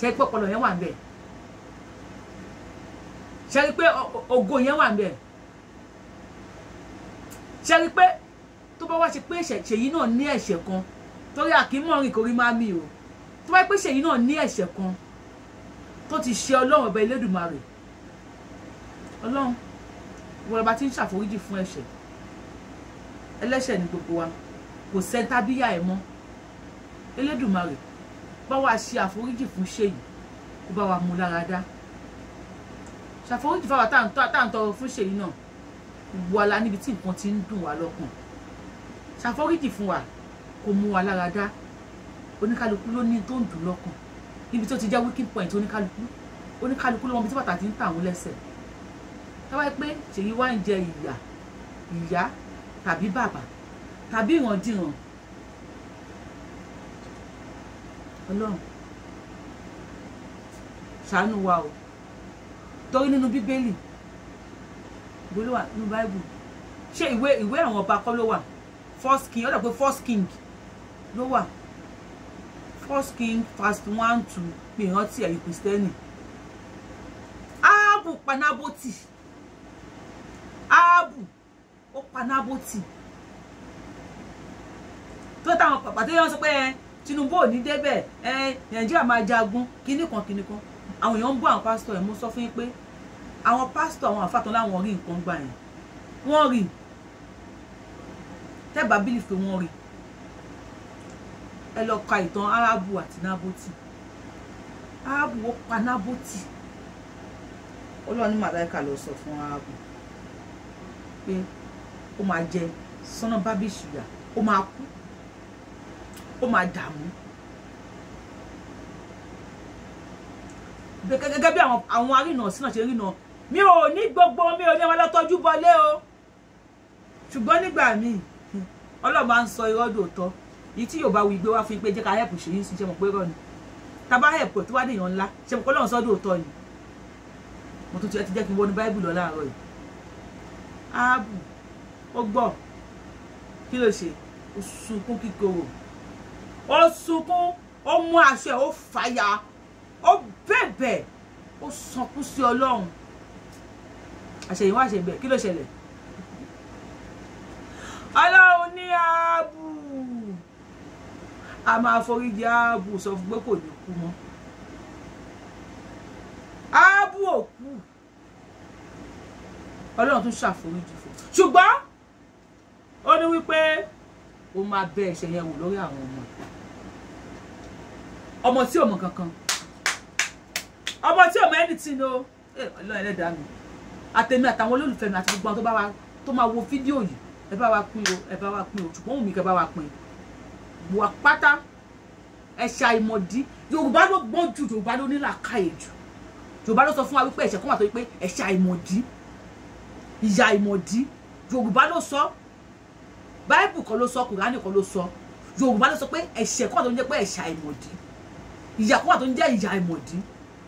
A: ṣe pé ọpọlọ yẹn wà ń bẹ̀ ṣe rí pé ògo yẹn wà ń bẹ̀ ṣe rí pé tó bá wá ṣe pé ṣèyí náà ní ẹ̀ṣẹ̀ kan torí àkímọ̀rin kò rí máa mi o tó bá pé ṣèyí náà ní ẹ̀ṣẹ̀ kan tó ti ṣe ọlọ́run ọba elédùnmarè ọlọ́run ìwọlọba ti ń ṣàforíjì fún ẹ̀ṣẹ̀ ẹlẹ́ṣẹ̀ ní gbogbo wa kò sẹ́ńtà bíyà ẹ̀ mọ́ elédùnmarè bá wa ṣe àforíjì fún ṣèyí kó bá wa mú lára dá ṣàforíjì fáwa táǹtọ̀ fún ṣèyí náà gbogbo wa la níbi tí nǹkan ti ń dùn wá lọ́kàn ṣàforíjì fún wa kó mú wa lára dá oníkálukú ló ní tó ń dùn lọ́kàn ibi tó ti jẹ́ weakening point oníkálukú oníkálukú lọ́wọ́ ibi tí bàtà ti ń tàwọn lẹ́sẹ̀ táwa pé ṣèyí wá ń jẹ ìyà ìyá tàbí bàbá tàbí ìrandíran ọlọ́run ṣàánú wa o torí nínú bíbélì ìwé ló wà nínú báíbù ṣé ìwé ìwé àwọn ọba kọ́ ló wà first king ó dà pé first king ló wà first king first one two pè rántí ẹ̀yin kristẹni Abu panaboti Abu, ó panaboti tó táwọn pàpà tó yẹ wọn sọ pé eh, Tinubu ò ní débẹ̀ eh, Nàìjíríà máa jagun kinní kan kinní kan àwọn èèyàn ń bọ́ àwọn pásítọ̀ ẹ̀ mo sọ fún yín pé àwọn pásítọ̀ àwọn àfàtàn láwọn rí nǹkan gbà yẹn wọ́n rí tẹ́bà bílífù wọ́n rí ẹ lọ ka ìtàn Árábù àti Nábótì Árábù ó pa Nábótì ó lọ ní màláìka lọ sọ fún Árábù pé ó máa jẹ sọ́nà bábíṣùyà ó máa kú ó máa dààmú gẹ́gẹ́ bí àwọn arìnà sínà ṣe rìnà mi ò ní gbogbo mi ò ní wọn lọ́tọ́jú bọlé o ṣùgbọ́n nígbà míì ọlọ́run máa ń sọ irọ́ dòótọ́ èyí tí yóò bá wí gbé wá fún pé jẹ́ ká help ṣèyí sí ṣe mọ̀ pé rọ̀ ni tàbá help tó wá dèèyàn ńlá ṣe mọ̀ pé lọ́run sọ́dọ̀ òótọ́ ni mo tún ti jẹ́ kí n wọnú báíbù lọ láàárọ̀ yìí áàbù ó gbọ́ kí ló ṣe ó sunkún kíkorò ó sunkún ó mú aṣọ ẹ̀ ó fàyà ó bẹ̀bẹ̀ ó sọkún sí ọlọ́run àṣẹyìnwá àṣẹbẹ̀ kí ló ṣẹlẹ̀ ọlọ́run ní ààbù a máa foríjì áábù sọ fún pé kò ní kú mọ́ áábù ò kú ọlọ́run tún ṣàforíjì fún ṣùgbọ́n ó ní wípé ó máa bẹ ẹ̀ṣẹ̀ yẹn wò lórí àwọn ọmọ ọmọ tí ò mọ kankan ọmọ tí ò mọ ẹni tí no ọlọ́run ẹlẹ́dàá mi àtẹ̀mí àtàwọn olólùfẹ́ mi àti gbogbo àwọn tó bá wa tó máa wo fídíò yìí ẹ bá wa pín o ẹ bá wa pín o ṣùgbọ́n òun mi kẹ bá wa pín o wà pátá ẹ̀ṣẹ̀ àìmọ̀dí yorùbá ló gbọ́n jù yorùbá ló ní làákàyè jù yorùbá ló sọ fún wa wípé ẹ̀ṣẹ̀ kan wà tó wípé ẹ̀ṣẹ̀ àìmọ̀dí ìyà àìmọ̀dí yorùbá ló sọ báìbù kan ló sọ kùránì kan ló sọ yorùbá ló sọ pé ẹ̀ṣẹ̀ kan wà tó ń jẹ́ pé ẹ̀ṣẹ̀ àìmọ̀dí ìyà kan wà tó ń jẹ́ ìyà àìmọ̀dí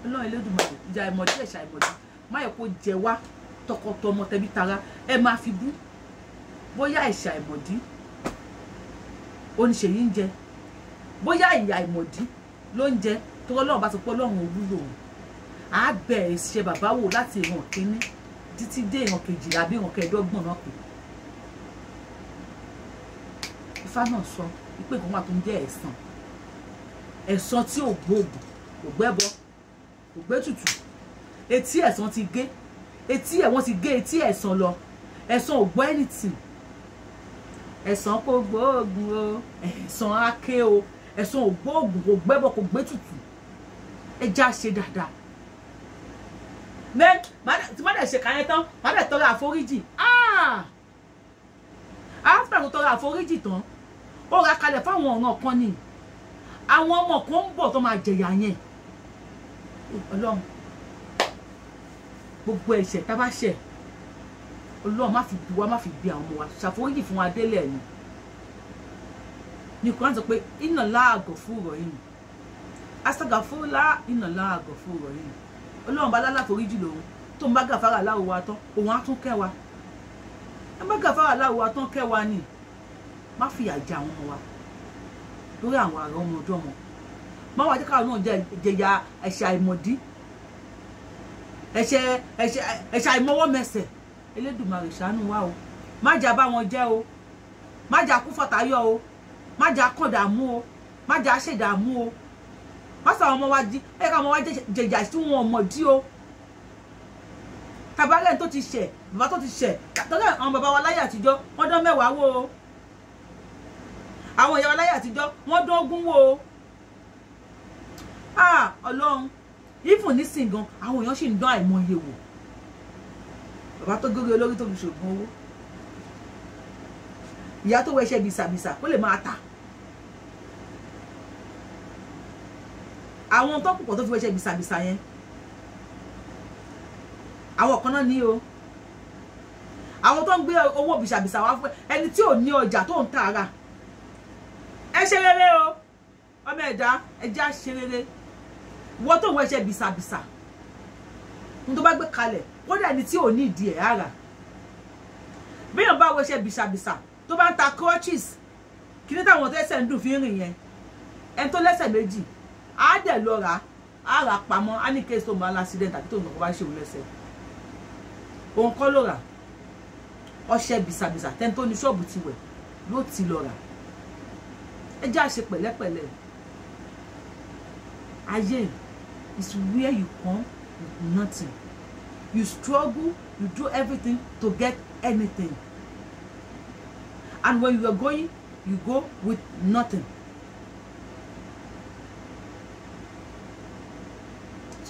A: ọlọ́run elédùnmarè ìyà àìmọ̀dí ẹ̀ṣẹ̀ àìmọ̀dí má tara ẹ máa fi bú bóyá ẹ̀ṣẹ̀ àìmọ̀dí oníṣèyí ń jẹ bóyá ìyá ìmọ̀dí ló ń jẹ tó ọlọ́run bá ti pọ́ ọlọ́run olúlo òun á bẹ̀rẹ̀ ṣe bàbá wò láti ìran kínní títí dé ìran kejìlá àbí ìran kẹẹ̀ẹ́dọ́gbọ̀n náà pè ifá náà sọ pé nǹkan wà tó ń jẹ́ ẹ̀san ẹ̀san tí ò gbóògùn kò gbẹ́bọ kò gbẹ́tùtù etí ẹ̀san ti gé etí ẹ̀ wọ́n ti gé etí ẹ̀san lọ ẹ̀san ò gbọ́ anything ẹ̀sán kò gbóògùn o ẹ̀sán aké o ẹ̀sán ò gbóògùn kò gbẹ́bọ kò gbé tutù ẹ já ṣe dáadáa ní tí má dẹ̀ ṣe kàyẹn tán má dẹ̀ tọrọ àforíjì áfíà ah! tó tọrọ àforíjì tán ó ra kalẹ̀ fáwọn ọ̀ràn kan ni àwọn ọmọ kan ń bọ̀ tó máa jẹ̀yà yẹn ọlọ́run gbogbo ẹ̀ṣẹ̀ tá a bá ṣẹ̀ ọlọ́run má fi bu wa má fi bí àwọn ọmọ wa ṣàforíjì fún wa délẹ̀ ni ní kúrán sọ pé iná láàgọ̀ fún ọ̀rọ̀ yìí asaga fún lá iná láàgọ̀ fún ọ̀rọ̀ yìí ọlọ́run bá lálàforíjì lòun tó ń bá gàfárà láwo wa tán òun á tún kẹ́ wa ẹ bá gàfárà láwo wa tán kẹ́ ni má fi àjà àwọn ọmọ wa lórí àwọn àrà ọmọ ọjọ́ wọn má wàá jẹ́ náà jẹ̀yà ẹ̀ṣẹ̀ àìmọ̀dí ẹ̀ṣẹ̀ ẹ̀ṣẹ̀ ẹ̀ṣẹ̀ elédùnmarè ṣàánú wa o má jà bá wọn jẹ́ o má jà kú fọ̀tayọ o má jà kàn dààmú o má jà ṣèdààmú o má sọ àwọn ọmọ wa di ẹ ká ọmọ wa jẹjà tí wọn mọ̀ dí o tabalẹ̀ tó ti ṣẹ̀ bàbá tó ti ṣẹ̀ tọ́lẹ̀ àwọn bàbá wa láyé àtijọ́ wọ́n dán mẹ́wàá wò o àwọn ìyá wa láyé àtijọ́ wọ́n dán ogún wò o ah ọlọ́run ìfún nísìnyí gan àwọn èèyàn sì ń dán àìmọye wò bàbá tó górí olórí tó fi ṣògùn owó ìyá tó wẹṣẹ bìsàbìsà kó lè máa tà àwọn tó púpọ̀ tó fi wẹṣẹ bìsàbìsà yẹn àwọn kan náà ní o àwọn tó ń gbé owó bìsàbìsà wá fún ẹni tí ò ní ọjà tó ń tà ara ẹ ṣe rere o ọmọ ẹ̀dá ẹja ṣe rere wọ́n tó ń wẹṣẹ bìsàbìsà ní tó bá gbé kalẹ̀ kódà ẹni tí ò ní ìdí ẹ̀ ara bíyàn bá wọṣẹ bìṣàbìṣà tó bá ń ta crutches kí ní táwọn tẹ́sẹ̀ ń dùn fi rìn yẹn ẹni tó lẹ́sẹ̀ méjì á dẹ̀ lọ rà á rà pamọ́ á ní kéésì tó mọ aláṣídẹ̀ntì àbí tó ń lọ́kọ́ bá ṣe òun lẹ́sẹ̀ òun kọ́ ló rà ọṣẹ bìṣàbìṣà tẹ́ni tó ní ṣọ́ọ̀bù ti wẹ̀ ló ti lọ rà ẹ jẹ́ àṣe pẹ̀lẹ́pẹ̀lẹ́ ayé is where you come with nothing you struggle you do everything to get anything and when you are going you go with nothing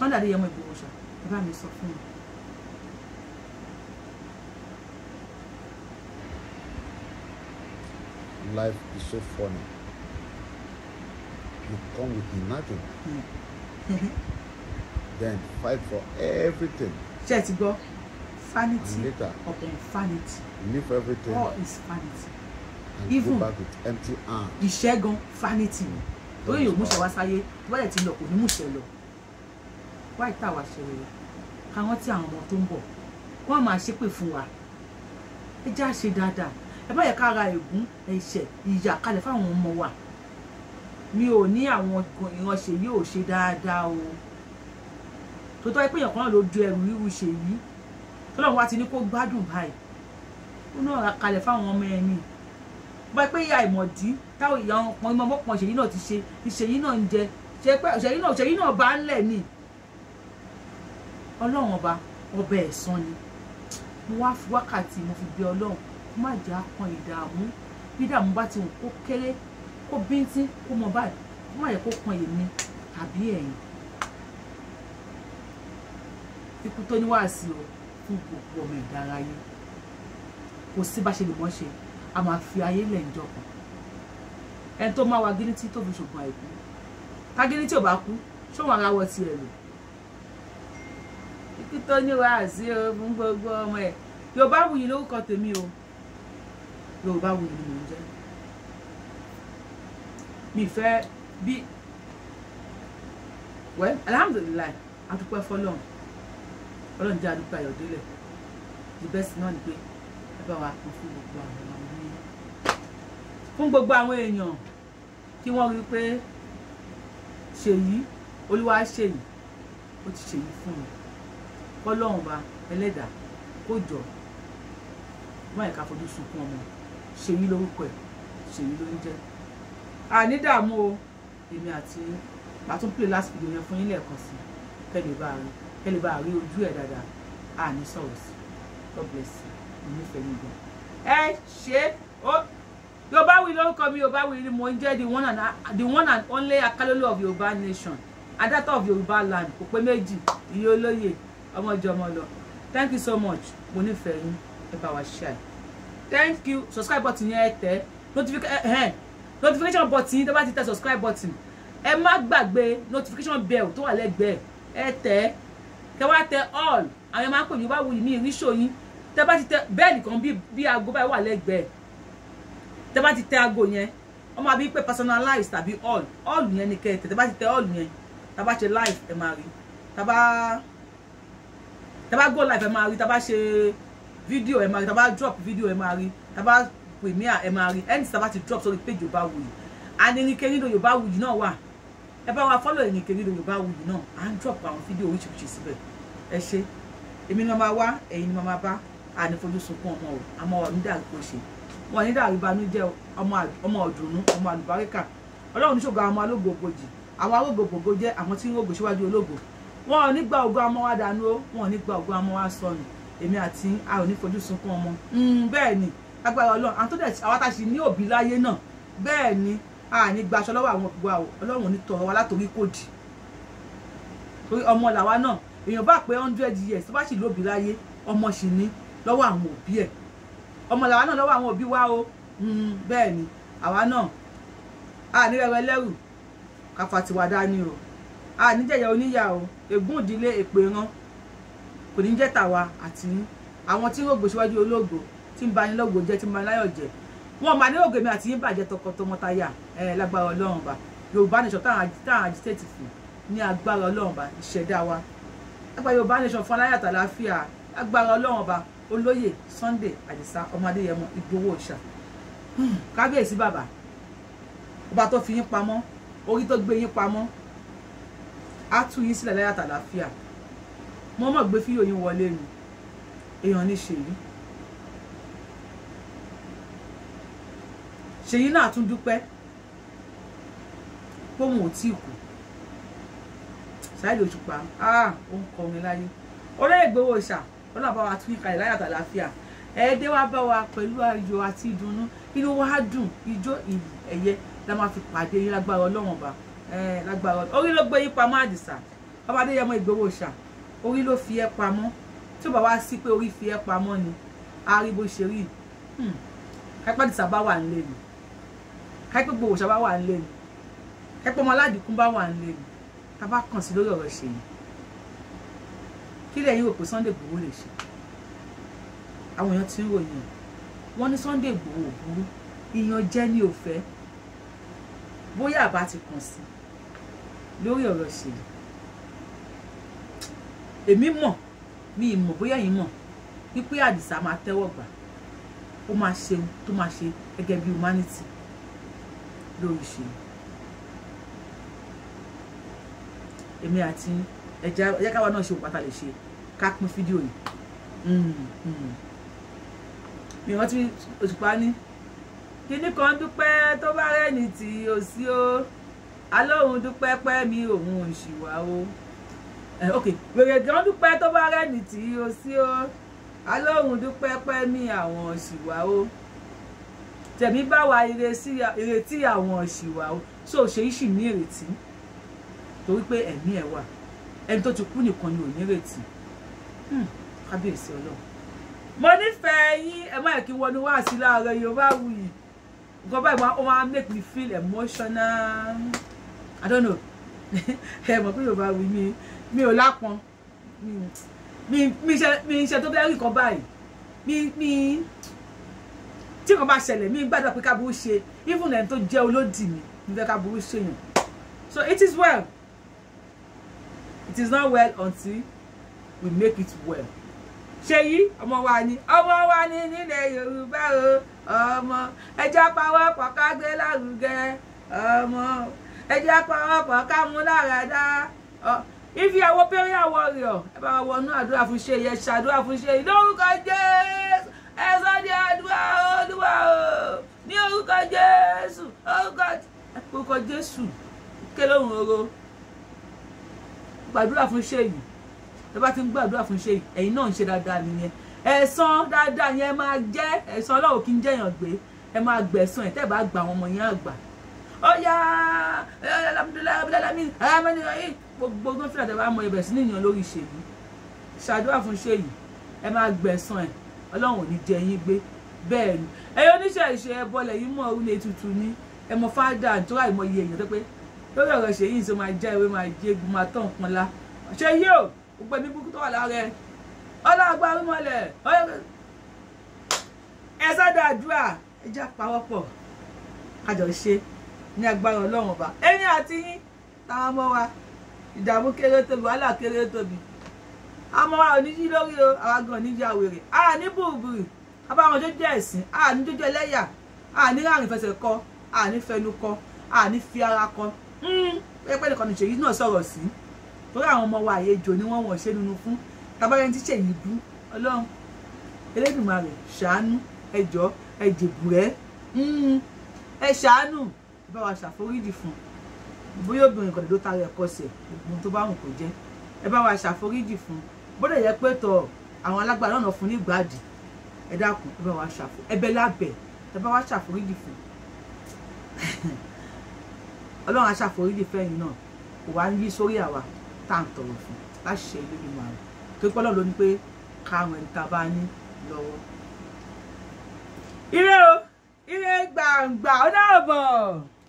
A: Sunday Adéyẹmọ Ìgbòho ṣá ẹ bá Life is so funny. You come with nothing. Mm. then fight for everything ṣe ti gbọ́ vanity upon vanity leave everything all is vanity and even go back with empty hand ìṣẹ́gun vanity lórí yóò múṣẹ wá sáyé wẹ́rẹ̀ tí lọ kò ní múṣẹ lọ wáyé tá a wá ṣe rere káwọn tí àwọn ọmọ tó ń bọ̀ wọ́n máa ṣépè fún wa ẹ jẹ́ àṣe dáadáa ẹ bá yẹ ká ra ègún ẹ̀ṣẹ̀ ìyà kalẹ̀ fáwọn ọmọ wa mi ò ní àwọn ìránṣẹ́ yóò ṣe dáadáa o tó tọ́ pé èèyàn kan náà ló du ẹrù ríru Ṣèyí tọ́lọ́run wá ti ní kó gbádùn báyìí ó náà kalẹ̀ fáwọn ọmọ ẹni bá pé ìyá ìmọ̀dí táwọn ìyá ọmọ ọmọ ọmọ Ṣèyí náà ti ṣe ìṣèyí náà ń jẹ Ṣèyí náà Ṣèyí náà bá ń lẹ̀ ni ọlọ́run ọba ọba ẹ̀san ni mo wá fi wákàtí mo fi bẹ ọlọ́run má jẹ́ àpọn ìdààmú bí ìdààmú bá ti wù kó kéré kó bíntín kó mọ báyìí má yẹ kó kan èmi tàbí ẹ̀yìn ikú tó níwáàsí o fún gbogbo ọmọ ẹ̀dá aráyé kò sí bá ṣe lè mọ́ ṣe a máa fi ayé lẹ̀ ń jọkàn ẹni tó máa wa gíríntì tó fi ṣògùn àìkú ká gíríntì ò bá kú ṣóun ara wọ tiẹ̀ lò ikú tó níwáàsí o fún gbogbo ọmọ ẹ̀ yorùbá wuyì lórúkọ tèmi o yorùbá wuyì ni mò ń jẹ́ mi fẹ́ bí well alhamdulilayi a dúpẹ́ ọlọ́run jẹ́ àdúgbò ayọ̀ délẹ̀ the best náà ni pé ẹ bá wa pín fún gbogbo àwọn ọmọ yìí fún gbogbo àwọn èèyàn kí wọ́n rí pé ṣèyí olúwa ṣèyí ó ti ṣèyí fún mi kọ́lọ́run ba ẹlẹ́dàá kó jọ wọ́n ẹ̀ka fojú sunkún ọmọ ṣèyí lórúkọ ẹ̀ ṣèyí ló ń jẹ́ àní dààmú o èmi àti màá tún pè lásìkò yẹn fún yín lẹ́ẹ̀kan sí kẹ́lẹ́ bá a rí kẹ́ lè bá rí ojú ẹ̀ dáadáa à ní sí God bless you mo nífẹ̀ẹ́ mi gan. ẹ ṣe ó yorùbá wí lórúkọ mi yorùbá wí ni mo ń jẹ́ the one and the one and only akálólú of yorùbá nation adáta of yorùbá land kò pé méjì iye olóye ọmọjọmọ lọ thank you so much mo nífẹ̀ẹ́ yín ẹ bá wa share thank you subscribe button yẹn ẹ tẹ eh, eh, notification button yín tó bá ti tẹ subscribe button ẹ má gbàgbé notification bell tó wà lẹ́gbẹ̀ẹ́ ẹ tẹ tẹ wá tẹ all àwọn ẹ̀ máa ń pè mí wá wuyì mí ìrí ṣòyìn tẹ bá ti tẹ bẹ́ẹ̀ nìkan bí bí aago báyìí wà lẹ́gbẹ̀ẹ́ tẹ bá ti tẹ aago yẹn wọ́n máa bí pé personalize tàbí all all yẹn ni kẹ́ ẹ tẹ tẹ bá ti tẹ all yẹn tá bá ṣe live ẹ máa rí tá bá tá bá go live ẹ máa rí tá bá ṣe video. ẹ máa rí tá bá drop video. ẹ máa rí tá bá premier ẹ máa rí ẹni tá bá ti drop sórí page Yorùbáwùyí and Ẹnìkẹ́ Nídò Yorùbáwùyí náà wà ẹ bá wa follow Ẹnìkẹ́ Nídò Yorùbáwùyí náà à ń drop àwọn fídíò oríṣiríṣi síbẹ̀ ẹ ṣe èmi ni mo máa wá ẹ̀yin ni mo máa bá àní fojú sunkún ọmọ o àmọ́ ọ̀ní dàrú kò ṣe wọn ní dàrú ìbànújẹ́ ọmọ ọ̀dùnnú ọmọ àlùbáríkà ọlọ́run ní ṣògo àwọn alógo ògbòjì àwọn arógo ògbògo jẹ́ àwọn tí ń rògbò síwájú ológo wọn ò ní gba ògo ọmọ wa dànù o wọn ò ní gba ògo ọmọ wa sọnù èmi àti a ò ní fojú sunkún ọmọ hmm, bẹ́ẹ̀ ni agbára ọlọ́run àwọn tó dẹ̀ àwọn tá a sì ní òbí láyé náà bẹ́ẹ̀ ni a ní gbaṣọ lọ́wọ́ àwọn òbí wa ọlọ́run ò ní tọrọ wa látòrí kòdì torí ọmọ èèyàn bá pé hundred years tó bá sì lóbi láyé ọmọ sì ní lọ́wọ́ àwọn òbí ẹ̀ ọmọ làwa náà lọ́wọ́ àwọn òbí wa o hmm, bẹ́ẹ̀ ni àwa náà a ní rẹwẹ lẹ́rù kàfà tiwa dání o a ní jẹ̀yà oníyà o ègún ìdílé èpè rán kò ní jẹ́ tàwa àti àwọn tí rògbò síwájú ológo tí ń bani lọ́gbò jẹ́ tí ń bani láyọ̀ jẹ́ wọn máa ní ògo mi àti yín bàjẹ́ tọkọtọmọtaya ẹ lágbára ọlọ́run ba yorùbá nìṣọ́ táwọn agitate fún ní agbára ọlọ́run ba ìṣẹ̀dá wa nípa yorùbá nation fún aláyàtà láfíà agbára ọlọ́run ọba olóyè sunday àdìsá ọmọ adéyẹmọ ìgbowó ọ̀ṣà hmm, kábíyèsí bàbá ọba tó fi yín pamọ́ orí tó gbé yín pamọ́ á tú yín sílẹ̀ láyàtà láfíà mo mọ̀ gbé fíyò yín wọlé ni èèyàn ní ṣèyí ṣèyí náà tún dúpẹ́ póun ò tí kú ṣáàlì òṣùpá ah, ó ń kọ́ mi láyé ọ̀rẹ́ ìgbowó ìṣà ọlọ́run bá wa tún yín kalẹ̀ láyà àtàlàáfíà ẹ̀ẹ́dẹ́ wa bá wa pẹ̀lú ayọ̀ àti ìdùnnú inú wa dùn ijó ìlú ẹ̀yẹ la máa fi pàdé yín lágbára ọlọ́run ọba lágbára ọlọ́run orí ló gbé yín pamọ́ àdìsá bàbá adéyẹmọ ìgbowó ìṣà orí ló fi ẹ́ pamọ́ tí ó bá wá sí pé orí fi ẹ́ pamọ́ ni ari bó ṣe rí hmm. kápẹ́ àdìsá bá wà ń lé ni kápẹ́ gbowó ìṣà bá wà ń lé ni kápẹ́ ọmọ aládìkún bá wà ń lé ni tá a bá kàn sí lórí ọ̀rọ̀ Ṣèyí kí lẹ́yìn rò pé Sunday Igboho lè ṣe àwọn èèyàn ti ń ròyìn wọ́n ní Sunday Igboho ò burú ìyàn jẹ́ ní òfẹ́ bóyá àbá ti kàn sí lórí ọ̀rọ̀ Ṣèyí èmi mọ̀ mi mọ̀ bóyá yìí mọ̀ wípé Àdìsá máa tẹ́wọ̀ gbà ó máa ṣe tó máa ṣe gẹ́gẹ́ bí humanity lórí Ṣèyí. èmi àti ẹja ẹja káwa náà ṣe òun lè ṣe ká pín fídíò yìí hmm, hmm. mi rántí òṣùpá ní kinní kan dúpẹ́ tó bá rẹ́ni tí o sí o alóhùn dúpẹ́ pẹ́ mi òun ìṣìwà o wèrè gan dúpẹ́ tó bá rẹ́ni tí o sí o alóhùn dúpẹ́ pẹ́ mi àwọn ìṣìwà o tẹ̀mí bá wa ìrètí àwọn ìṣìwà o so ṣèyí sì ní ìrètí torí pé ẹ̀mí ẹ̀ wà ẹni tó ti kú nìkan ni ò ní retí hmm, kábíyèsí ọlọ́run mo nífẹ̀ẹ́ yín ẹ má yẹ kí wọnú wá sí láàárọ̀ Yorùbáwùyí nǹkan báyìí ó máa make me feel emotional i don't know ẹ mọ̀ pé Yorùbáwùyí mi mi ò lápọn mi ṣe tó bẹ́ẹ̀ rí nǹkan báyìí mi mi tí nǹkan bá ṣẹlẹ̀ mi gbàdúrà pé káàbù ṣe even ẹni tó jẹ́ olódì mi mi fẹ́ káàbù ṣèyàn so it is well it is not well until we make it well ṣèyí ọmọ wa ni ọmọ wa ni nílẹ̀ yorùbá o ọmọ ẹjọ́ pawọ́pọ̀ ká gbé lárugẹ ọmọ ẹjọ́ pawọ́pọ̀ ká mú láradá ifi àwọn prayer warrior ẹ bá wa wọnú àdúrà fún ṣèyí ẹ ṣàdúrà fún ṣèyí lórúkọ jésù ẹ sọ di àdúrà olúwa o ní orúkọ jésù orúkọ jésù kí lóhùn oró gbàdúrà fún Ṣèyí ẹ bá ti ń gbàdúrà fún Ṣèyí ẹ̀yin náà ń ṣe dáadáa nìyẹn ẹ̀san dáadáa yẹn máa jẹ́ ẹ̀san ọlọ́run kí n jẹ́yàn gbé ẹ máa gbẹ̀san ẹ̀ tẹ́ bá gbà àwọn ọmọ yẹn àgbà ó yá alábùdálábùdálámì ayámẹ́ni ọ̀yìn gbogbo tó ń fìlà tẹ́lẹ̀ àmọ́ ibẹ̀ sí nìyàn lórí Ṣèyí ṣàdúrà fún Ṣèyí ẹ máa gbẹ̀san ẹ̀ ọlọ́run ò ní jẹ yín gbé bẹ́ẹ̀ ni ẹ̀yin oníṣẹ́ ìṣe ẹbọ lẹ́yìn mọ́ orílẹ̀ tuntun ní ẹ̀mọ́ fádà tó ráì mọ iye èèyàn tó pé lórí ọ̀rọ̀ ṣèyí ṣe máa já ewé máa jẹ egun máa tán nǹkan la ṣe yí o gbogbo ẹ̀mí burúkú tó wà lára ẹ ọlọ́gbà arúmọlẹ̀ ẹ sọ́dọ̀ àdúrà ẹ já pawọ́pọ̀ kájọ ṣe ní agbára ọlọ́run ọba ẹni àti yín táwọn ọmọ wa ìdààmú kéré tóbi wàhálà kéré tóbi àmọ́ wa ò ní yí lórí o àwa gan ò ní yí àwèrè a ní bùrùbùrù abáwọn tó jẹ́ ẹ̀sìn a ní tó jẹ́ ẹlẹ́yà a ní ráàrin fẹsẹ̀ kọ a ní fẹnu kọ a ní fi ara kọ pẹ́pẹ́ hmm. nìkan ní ṣèyí náà sọ̀rọ̀ sí torí àwọn ọmọ wa àyejò ni wọ́n wọ̀ ṣe nínú fún tabarẹ́ ti ṣèyí bú ọlọ́run Elédùmarè ṣàánú ẹjọ́ ẹjẹ̀bù rẹ̀ hmm. ẹ ṣàánú bá wa ṣàforíjì fún bóyá obìnrin kan ló ta rẹ̀ kọsẹ̀ ogun tó bá wù kó jẹ́ ẹ bá wa ṣàforíjì fún bódà yẹ pé tọ̀ àwọn alágbára náà fún nígbàdì ẹ dákun ẹ bá wa ṣàforíjì ẹ̀bẹ̀ lábẹ ẹ bá wa ṣàforíjì fún. ọlọ́run á ṣàforíjì fẹ́yìn náà kò wá ń yí sórí àwa tá à ń tọrọ fún láti ṣe ilé ìmọ̀ àrùn tó pẹ́ lọ́ọ̀ ló ní pé karùn ẹni tá a bá ní lọ́wọ́. ire o ire gbàǹgbà ọ̀nà ọ̀bọ̀n.